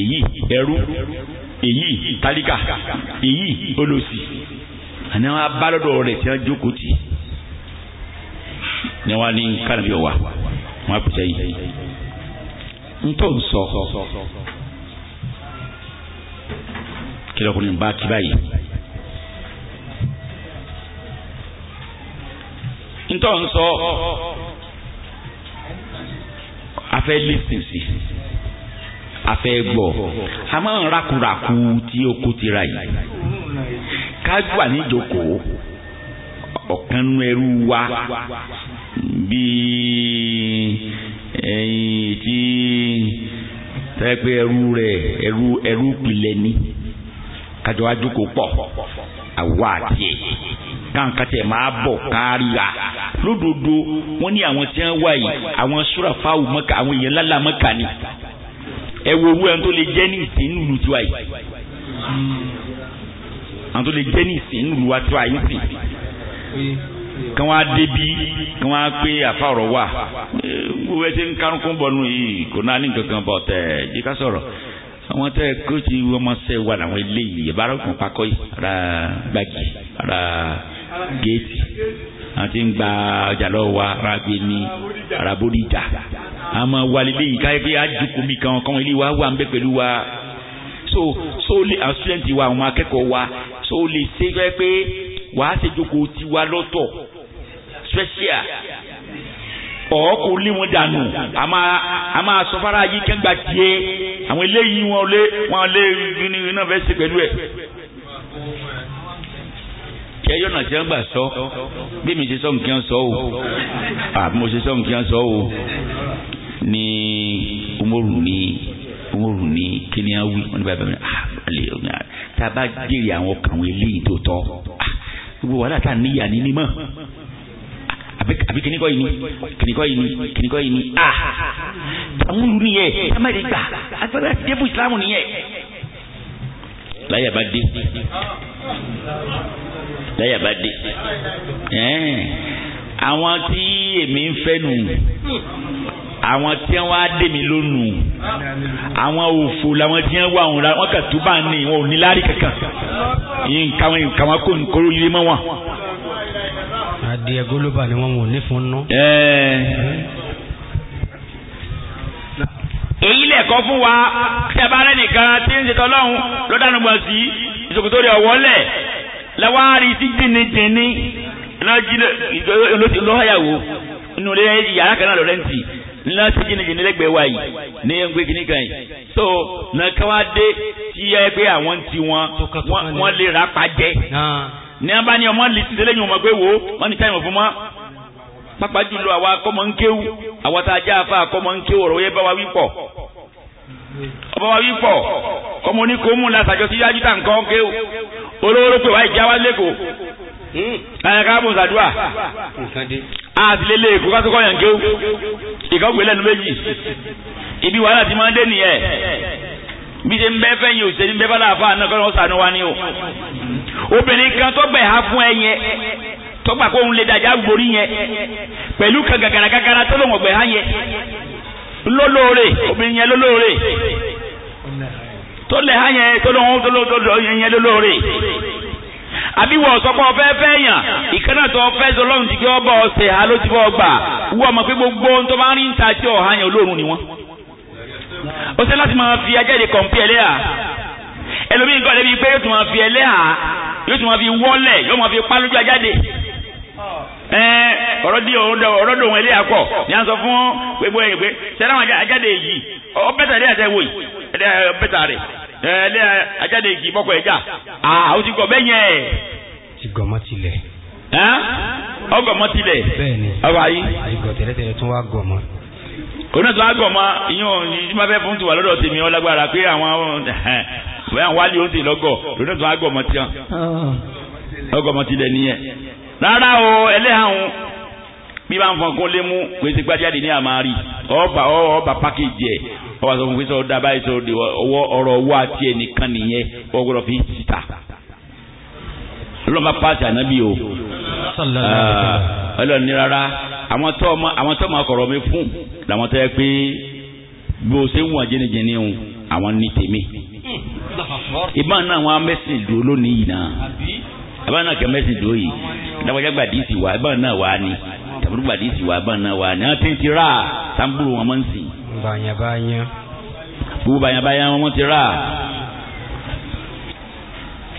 èyí ẹrú èyí tálíkà èyí olòṣì àní wọn bá lọ́dọ̀ rẹ̀ tí wọ́n jókòó tì ní wọn ní kánàbí ọ̀wà wọn pèsè yìí ntọ́ ń sọ kílọ̀kùnrin bá kí báyìí ntọ́ ń sọ afẹ́ afẹ́ gbọ́ a máa ń rakuraku tí ó kó tira yìí kájú àníjòkó ọ̀kan nu ẹrú wa bíi ẹyin tí tẹ́pẹ́ ẹrú rẹ̀ ẹrú ẹrú pilẹ̀ ni kájọ àjòkó pọ̀ àwa àti ẹ̀ máa bọ̀ kárí a lódodo wọ́n ní àwọn tí wọ́n wá yìí àwọn sùràfáwù mọ́kà àwọn èèyàn lálá mọ́kà ni ẹ wo owó ẹni tó lè jẹ́ ní ìsìn nílùú tiwa yìí àwọn tó lè jẹ́ ní ìsìn nílùú wa tiwa yìí sìn kan wá débi kan wá pé àfa ọ̀rọ̀ wà gbogbo ẹ ṣe ń kárùnkún bọ̀nù yìí kò náà ní kankan bọ̀ tẹ̀ jí ká sọ̀rọ̀ àwọn tẹ kóòtù ọmọọṣẹ wà láwọn eléyìí ìbára òkun pakọ́ yìí ara gbàgì ara géètì àwọn tí ń gba ọjà lọ́wọ́ wa rabi ni arabolita àmọ́ walilé yìí káyọ̀ pé àjùkùmí kan kan ilé wa wà ń bẹ pẹ̀lú wa so so le àwọn student wa àwọn akẹ́kọ̀ọ́ wa so le ṣe fẹ́ pé wàá ṣe jókòó tiwa lọ́tọ̀ special ọ̀ọ́kù lé wọn dànù a máa sọ fara yìí kẹ́ńgbà tiẹ̀ àwọn eléyìí wọn lé wọn lé yunifásitì pẹ̀lú ẹ̀ kẹ́ yọ̀nà tí wọ́n gbà sọ bí mi ṣe sọ nǹkan sọ o àbí mo ṣe sọ nǹkan sọ o ní umoru ní umoru ní kíníà wí wọn ní bàbá mi ah tá a bá jèrè àwọn kàwọn eléyìí tó tọ́ ah, gbogbo wàhálà tá a níyà ní nímọ̀ àbí kìnnìkọ́ yìí ni kìnnìkọ́ yìí ni kìnnìkọ́ yìí ni ah àwọn olú nìyẹn tamari gbà agbára ti dé fún ìsìlámù nìyẹn láyé àbá dé láyà bá dé àwọn tí èmi ń fẹ́ nù àwọn tí wọ́n á dé mi lónù àwọn òfò làwọn tí wọ́n wà wọn la wọ́n kà tó bá ní wọn ò ní lárí kankan nǹkan wọn nǹkan wọn kò ní kóró yé mọ́ wọn. adìẹ gólóbà ni wọn ò ní fún ná. èyí lẹ̀kọ́ fún wa tẹ́ bá rẹ́ nìkan tí ń ṣe tọ́lọ́hún lọ́dánù mọ̀ ìṣòkòtò rẹ̀ ọ̀wọ́ lẹ́wárí sí jìnnìjìnnì lọ́jílẹ̀ lọ́yàwó inú rẹ̀ yàrá kan náà lọ́rẹ́ǹtì láti jìnnìjìnnì lẹ́gbẹ̀ẹ́ wa yìí ní ẹgbẹ́ kìíní kan so nǹkan wá dé tí ẹ pé àwọn ti wọn wọn lè ra pàjẹ́ ní abá ni ọmọ lè ti lẹ́yìn ọmọ pé wo wọn ní táyìmọ̀ fún mọ́ pápá jùlọ àwa akọ́mọ ń kéwù àwọn tá a já afá akọ́mọ ń kéwù ọ̀rọ̀ yẹ bá wa wí pọ̀ ọba wa wí pọ̀ kọ́mọ oníkóòmù làtàjọ sí tá nǹkan kéwù olówó ló wá ìjà lẹ́kọ̀ọ́ ẹ̀yìn káàbọ̀ àtìlélẹ̀ èkó ká tó kọ́ lẹ́nu ibi wàhálà ti máa ń dé nìyẹn bí ṣe ń bẹ́ fẹ́yìn òṣèlú ń bẹ́ ni o obìnrin kan tó ha fún ẹyẹ tó gbà kó ń lè dájà gborí yẹn pẹ̀lú kan tó tó lẹ̀ há yẹn tó lọ́wọ́ tó lọ́wọ́ yẹn lólóore àbí wọ́n sọ pé ọ̀fẹ́ fẹ́ yàn ìkànnà tó ọ̀fẹ́ sọ lọ́run ti gbé ọba ọ̀sẹ̀ ha ló ti bọ́ gbà wọ́n mọ̀ pé gbogbo ohun tó bá rí ń ta tí ọ̀há yẹn olóòrùn ni wọ́n. ó ṣe láti máa fi ajáde kọ̀ǹpì ẹlẹ́hà ẹlòmíín kan lẹ́bi pé yóò tún máa fi ẹlẹ́hà yóò tún máa fi wọ́lẹ̀ yóò máa fi pa lójú ajáde ọ̀rọ̀ di ọ̀rọ̀ dòun ẹlẹ́yà pọ̀ ni à ń sọ fún gbogbo ẹ̀yìn pé ṣẹlẹ́ àwọn ajáde yìí ọ ẹ̀dẹ́ mẹ́ta rẹ̀ ajáde igi mọ́kọ̀ ẹ̀já àwọn ti gọ̀ bẹ́yẹn. ti gọ̀ mọ́ tilẹ̀. ọgọ̀ mọ́ tilẹ̀. ọba yìí. àìgọ̀ tẹ́lẹ̀tẹ́lẹ̀ tún wá máa fẹ́ fún tiwa lọ́dọ̀ tèmi ọlágbára pé àwọn lọ́gọ̀ ah. nìyẹn. rárá o ẹlẹ́hàn bí bá ń fọn kún lé mú gbèsè gbájáde ní àmárì ọba ọba pákéjì ẹ ọba sọ fún gbèsè ọdá báyìí sọ ọwọ́ ọ̀rọ̀ ọwọ́ àti ẹnìkan nìyẹn ọgbọdọ fi síta lọba paasi anabi o ah, ọlọ́run ní rárá àwọn tó ọmọ àwọn tó ọmọ akọrọ mi fún làwọn tó yẹ pé bí o ṣe ń wọn jẹnijẹni o àwọn ní tèmi ìbá náà wọn amẹsìn dúró lónìí yìí náà ìbá náà kẹ mẹsìn dúró yìí dàgbàjàgbà dìísì wa ìbá náà wà á ní tàbúrúgbàdì sì wà báyìí náà wà ní wọn ti ti rà sáńbúrò wọn máa ń sìn. bàyàbàyà. gbogbo bàyàbàyà wọn ti rà.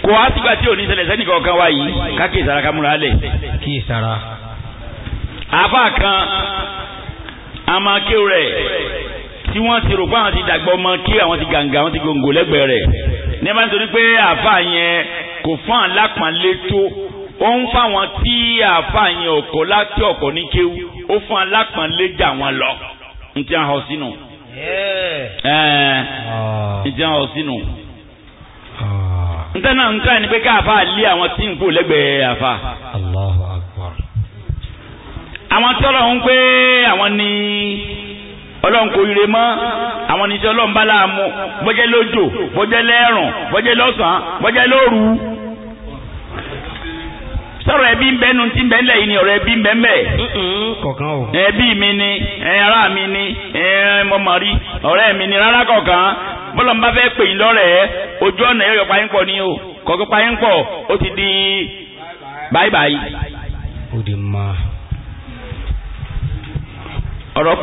kò á sígbà tí ò ní ṣẹlẹ̀ sẹ́nì kankan wá yìí ká kí ìsara ká múra lẹ̀. kí ìsara. àfa kan amákéw rẹ̀ tí wọ́n ti rò pé àwọn ti dàgbà ọmọ kí àwọn ti gàǹgà àwọn ti gòǹgò lẹ́gbẹ̀ẹ́ rẹ̀ ní ó ń fáwọn tí àáfàá yẹn ọkọ láti ọkọ ní kéwú ó fún alápọ̀nléjà wọn lọ ní ti hàn sínú. Ah. ní ti hàn sínú. Ah. n tẹ́nà ń ká ẹni pé káàfà lé àwọn tí ń kú lẹ́gbẹ̀ẹ́ àfà. àwọn tí ọlọ́run ń pé àwọn ní ọlọ́run kò ire mọ́ àwọn oníṣẹ́ ọlọ́run bá láàmú bọ́jẹ́ lójò bọ́jẹ́ lẹ́rùn bọ́jẹ́ lọ́sàn-án bọ́jẹ́ lóru. sọ̀rọ̀ ẹbí ń bẹ nu ti ń bẹ ńlẹ̀ yìí ni ọ̀rọ̀ ẹbí ń bẹ ń ẹbí mi ni ará mi ni mọ̀mọ́rí ọ̀rẹ́ mi ni rárá kọ̀ọ̀kan bọ́lá ń bá fẹ́ pè yín ni o kọ̀ọ̀kan pa pọ̀ ó ti di báyìí báyìí. di ọ̀rọ̀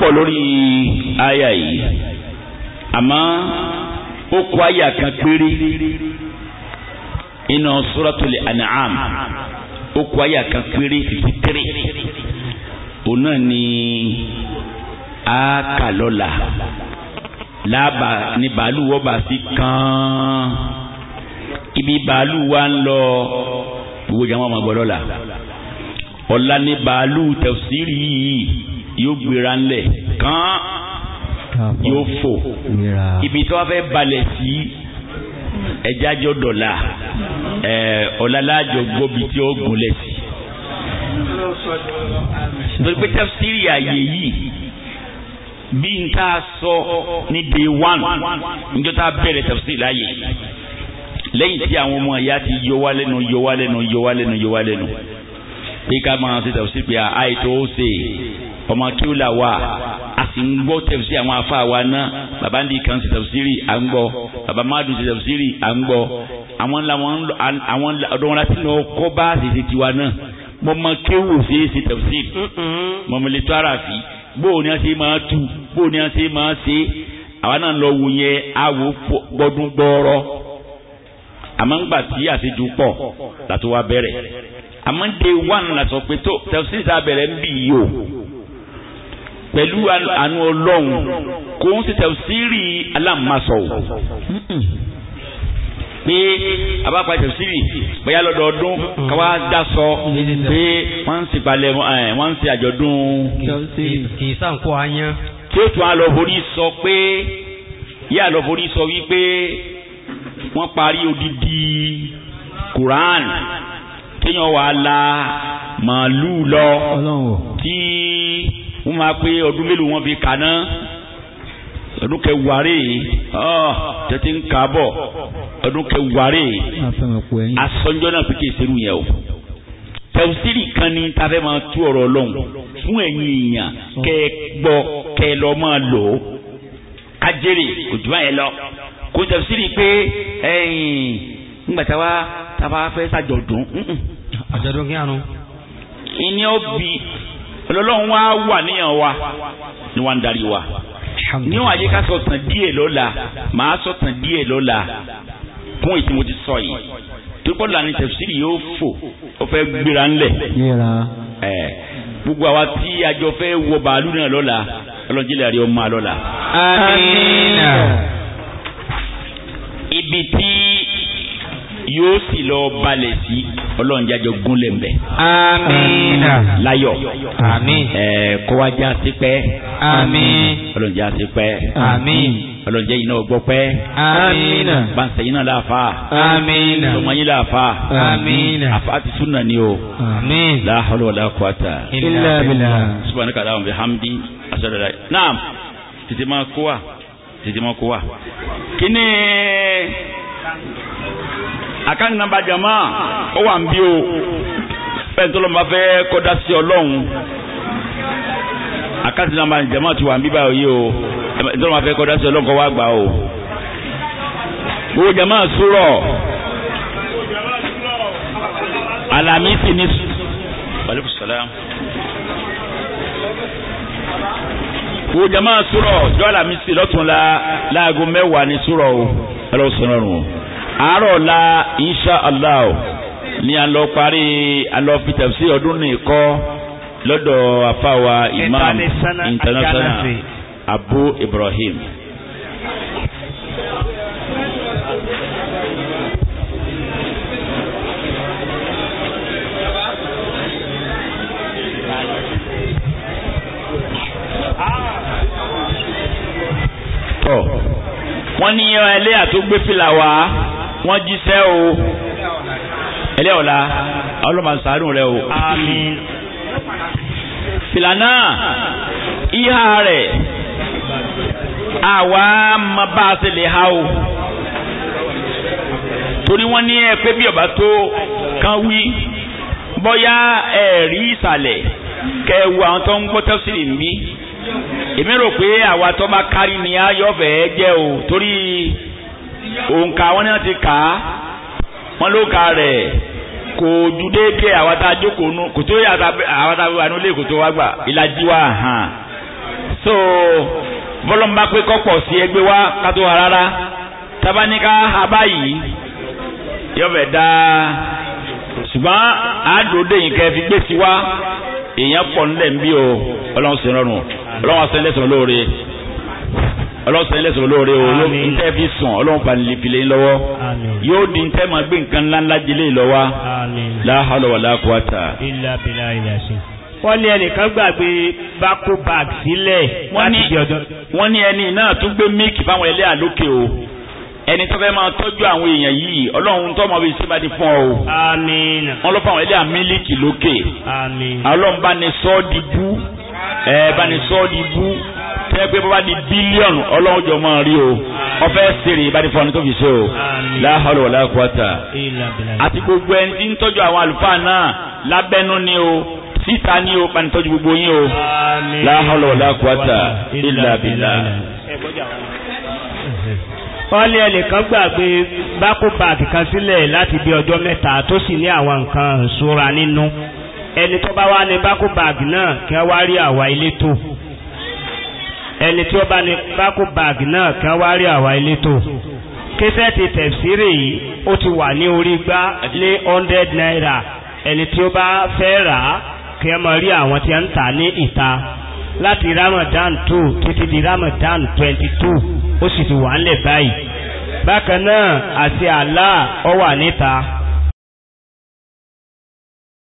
pọ̀ ó kó àyà kan péré fìdí téré òun náà ni a kà lọ́la lába ni bàálù wọ́n bá sí kán ibi bàálù wa ń lọ gbogbo jàmọ́ ọmọ gbọ́dọ̀ la ọ̀la ni bàálù tẹ̀síìrì yìí yóò gbéra ńlẹ̀ kán yóò fò ibi tí wọ́n fẹ́ balẹ̀ sí ẹ̀jájọ́ dọ̀la ọ̀làlájò gbóbi tí ó gúnlẹ̀ sí. torí pé tafsiri àyè yìí bí n ta sọ ní day one níjọ́ tá a bẹ̀rẹ̀ tafsiri láàyè lẹ́yìn tí àwọn ọmọ ẹ̀yà ti yọ wá lẹ́nu yọ wá lẹ́nu yọ wá lẹ́nu yọ wá lẹ́nu pé ká máa ṣe tafsiri pé àìtó ó ṣe ọmọ kí ó là wà a sì ń gbọ́ tafsiri àwọn afáwa náà baba ndi kan ṣe tafsiri à ń gbọ́ baba madu ṣe tafsiri à ń gbọ́ àwọn ńlá àwọn ọ̀dọ́ wọn láti náà kọ́ bá ṣèṣe tiwa náà mo mọ kéwò ṣe é ṣe tafsiri mo mọ lè tó ara fi bó o ní a ṣe máa tu bó o ní a ṣe máa ṣe àwa náà lọ wò yẹn àwò gbọdún gbọọrọ àmọ́ ńgbà tí àṣejù pọ̀ látó wa bẹ̀rẹ̀ àmọ́ dé one la sọ pé tó tafsiri ta bẹ̀rẹ̀ ń bì yìí o pẹ̀lú àánú ọlọ́run kò ń ṣe tẹ̀síìrì aláàmásọ̀ o pé abápa tẹ̀síìrì bóyá lọ́dọọdún káwá dá sọ pé wọ́n ń sèpalẹ̀ eh, wọ́n ń ṣe àjọ̀dún. kì í sàǹkó ayán. tí ó tún alọ́forí sọ pé yí alọ́forí sọ wípé wọ́n parí odidi Quran kéèyàn wà á la màálù lọ tí wọ́n máa pé ọdún mélòó wọn fi kà náà ọdún kẹwàárẹ̀ ọ ah, tètè ń kà bọ̀ ọdún kẹwàárẹ̀ asọ́njọ́ náà fi kéṣerú yẹn o tẹ̀síìrì kan ní tafẹ́ máa tú ọ̀rọ̀ ọlọ́run fún ẹ̀yin èèyàn kẹ́ gbọ́ kẹ́ ẹ máa lò ó kájèrè kò jù báyẹn lọ kò tẹ̀síìrì pé ẹ̀yìn wa tàbá fẹ́ ṣàjọ̀dún. àjọ̀dún kí àrùn. ìní ó bi ọlọ́run wa wà níyàn wa ni wọ́n ń darí wa níwọ̀n ayé ká sọ tàn díẹ̀ lọ́la màá sọ tàn díẹ̀ lọ́la kún èyí tí mo ti sọ yìí torípọ̀ lànà tẹ̀síìrì yóò fò ó fẹ́ gbéra ńlẹ̀ gbogbo àwa tí àjọ fẹ́ wọ bàálù náà lọ́la ọlọ́jìlẹ̀ àrí ọmọ àlọ́la. àmín. ibi tí yóò sì lọ balẹ̀ sí ọlọ́njájọ gúnlẹ̀ ń bẹ̀. amiina. láyọ̀. àmín. ẹ̀ẹ́ kó wá já sí pẹ́. àmín. ọlọ́njá sí pẹ́. àmín. ọlọ́njẹ́ yìí náà gbọ́ pẹ́. amiina. bàǹsẹ̀ yìí náà láàfà. amiina. sọmọ yìí láàfà. amiina. àfa ti súnà ni o. àmín. la hawla wala quwata. illa billah. subhanaka allahumma bihamdi asọ́dọ̀ la. naam tètè máa kó wa tètè máa kó wa. kíni àkáǹtì nàmbà jàmá ó wà ń bí o bẹ́ẹ̀ tó lọ́mọ bá fẹ́ kọ́dá sí ọlọ́run àkáǹtì nàmbà jàmá ti wà ń bí báyìí o bẹ́ẹ̀ tó lọ́mọ fẹ́ kọ́dá sí ọlọ́run kọ́ wá gbà o. gbogbo jàmá sùrọ̀ alamisi ni. aleykum salaam. wo jama surọ jọ alamisi lọtun la laago mẹ́wàá ni surọ o. alo sọnna nu àárọ̀ la insha allah ni a lọ parí alọ́fitẹ̀ sí ọdún nìkọ́ lọ́dọ̀ afáwa imam international abu ibrahim. tọ̀ wọ́n ní ẹlẹ́yà tó gbé fìlà wá wọ́n jíṣẹ́ o ẹlẹ́ ọ̀la ọlọ́màṣàánú rẹ o àmín filana ìhà rẹ̀ àwa máa bá a ṣe lè ha o torí wọ́n ní ẹ pé bí ọba tó kan wí bóyá ẹ rí ìsàlẹ̀ kẹ àwọn tó ń gbọ́ tẹ́sílì ń bí èmi rò pé àwa tó bá kárí ni ayọ̀fẹ́ jẹ́ o torí òǹkà wọn ni wọn ti kà á wọn ló ka rẹ̀ kò ju déédéé àwọn jókòó nù kò tó yà àwọn tá a wà nílé wá gbà ìlàjì wa hàn so bọ́lọ́mbà pé kọ́pọ̀ sí ẹgbẹ́ wa kátó wa rárá tabaníká abá yìí yọ̀bẹ̀ dáa ṣùgbọ́n àádóde yìí kẹ́ fi gbé sí wa èèyàn pọ̀ nílẹ̀ ń bí o ọlọ́run sì rọrùn ọlọ́run sì ń lẹ́sàn lóore ọlọ́sàn ilé sọ̀rọ̀ lóore o yóò fi tẹ́ fi sùn ọlọ́run fa lìfìlẹ̀ lọ́wọ́ yóò di tẹ́ máa gbé nǹkan ńláńlá jẹlé lọ́wọ́ láhàlọ́wọ́ lákùátà. wọ́n ní ẹnìkan gbàgbé bákú bag sílẹ̀ láti di ọdún. wọ́n ní ẹni náà tún gbé mílíkì fáwọn ẹlẹ́yà lókè o ẹni tó fẹ́ máa tọ́jú àwọn èèyàn yìí ọlọ́run tó mọ̀ bí ṣe bá ti fún ọ o. àmín. wọ́n lọ fáwọn ẹlẹ́yà mílíkì lókè. àmín. ọlọ́run bá ní sọ́ọ́ di bú ẹ bá ní sọ́ọ́ di bú tẹ́ pé bọ́bá di bílíọ̀nù ọlọ́run jọ máa rí o ọfẹ́ sèrè ìbádìí fún ọ ní tó fi ṣe o láhàlù wàlá kùwàtà àti gbogbo ẹni tí ń tọ́jú àwọn àlùfáà náà lábẹ́nú ni o síta ni o panitọ́jú gbogbo yín o láhàlù wàlá kùwàtà ìlàbìlà. wọ́n lé ẹnìkan gbàgbé bákú páàkì kan sílẹ̀ láti bí ọjọ́ mẹ́ta tó sì ní àwọn nǹkan ìṣúra ẹni tó bá wá ní bákú páàkì náà kí wá rí àwa ilé tó ẹni tí ó bá ní pákó báàgì náà kan wá rí àwa elétò késẹ́ẹ̀tì tẹ̀síìrì yìí ó ti wà ní orí gbá lé hundred naira ẹni tí ó bá fẹ́ rà á kí ẹ máa rí àwọn tí ń tà ní ìta láti Ramadan two títí di Ramadan twenty two ó sì ti wà ńlẹ̀ báyìí bákan náà àti àlá ọ wà níta.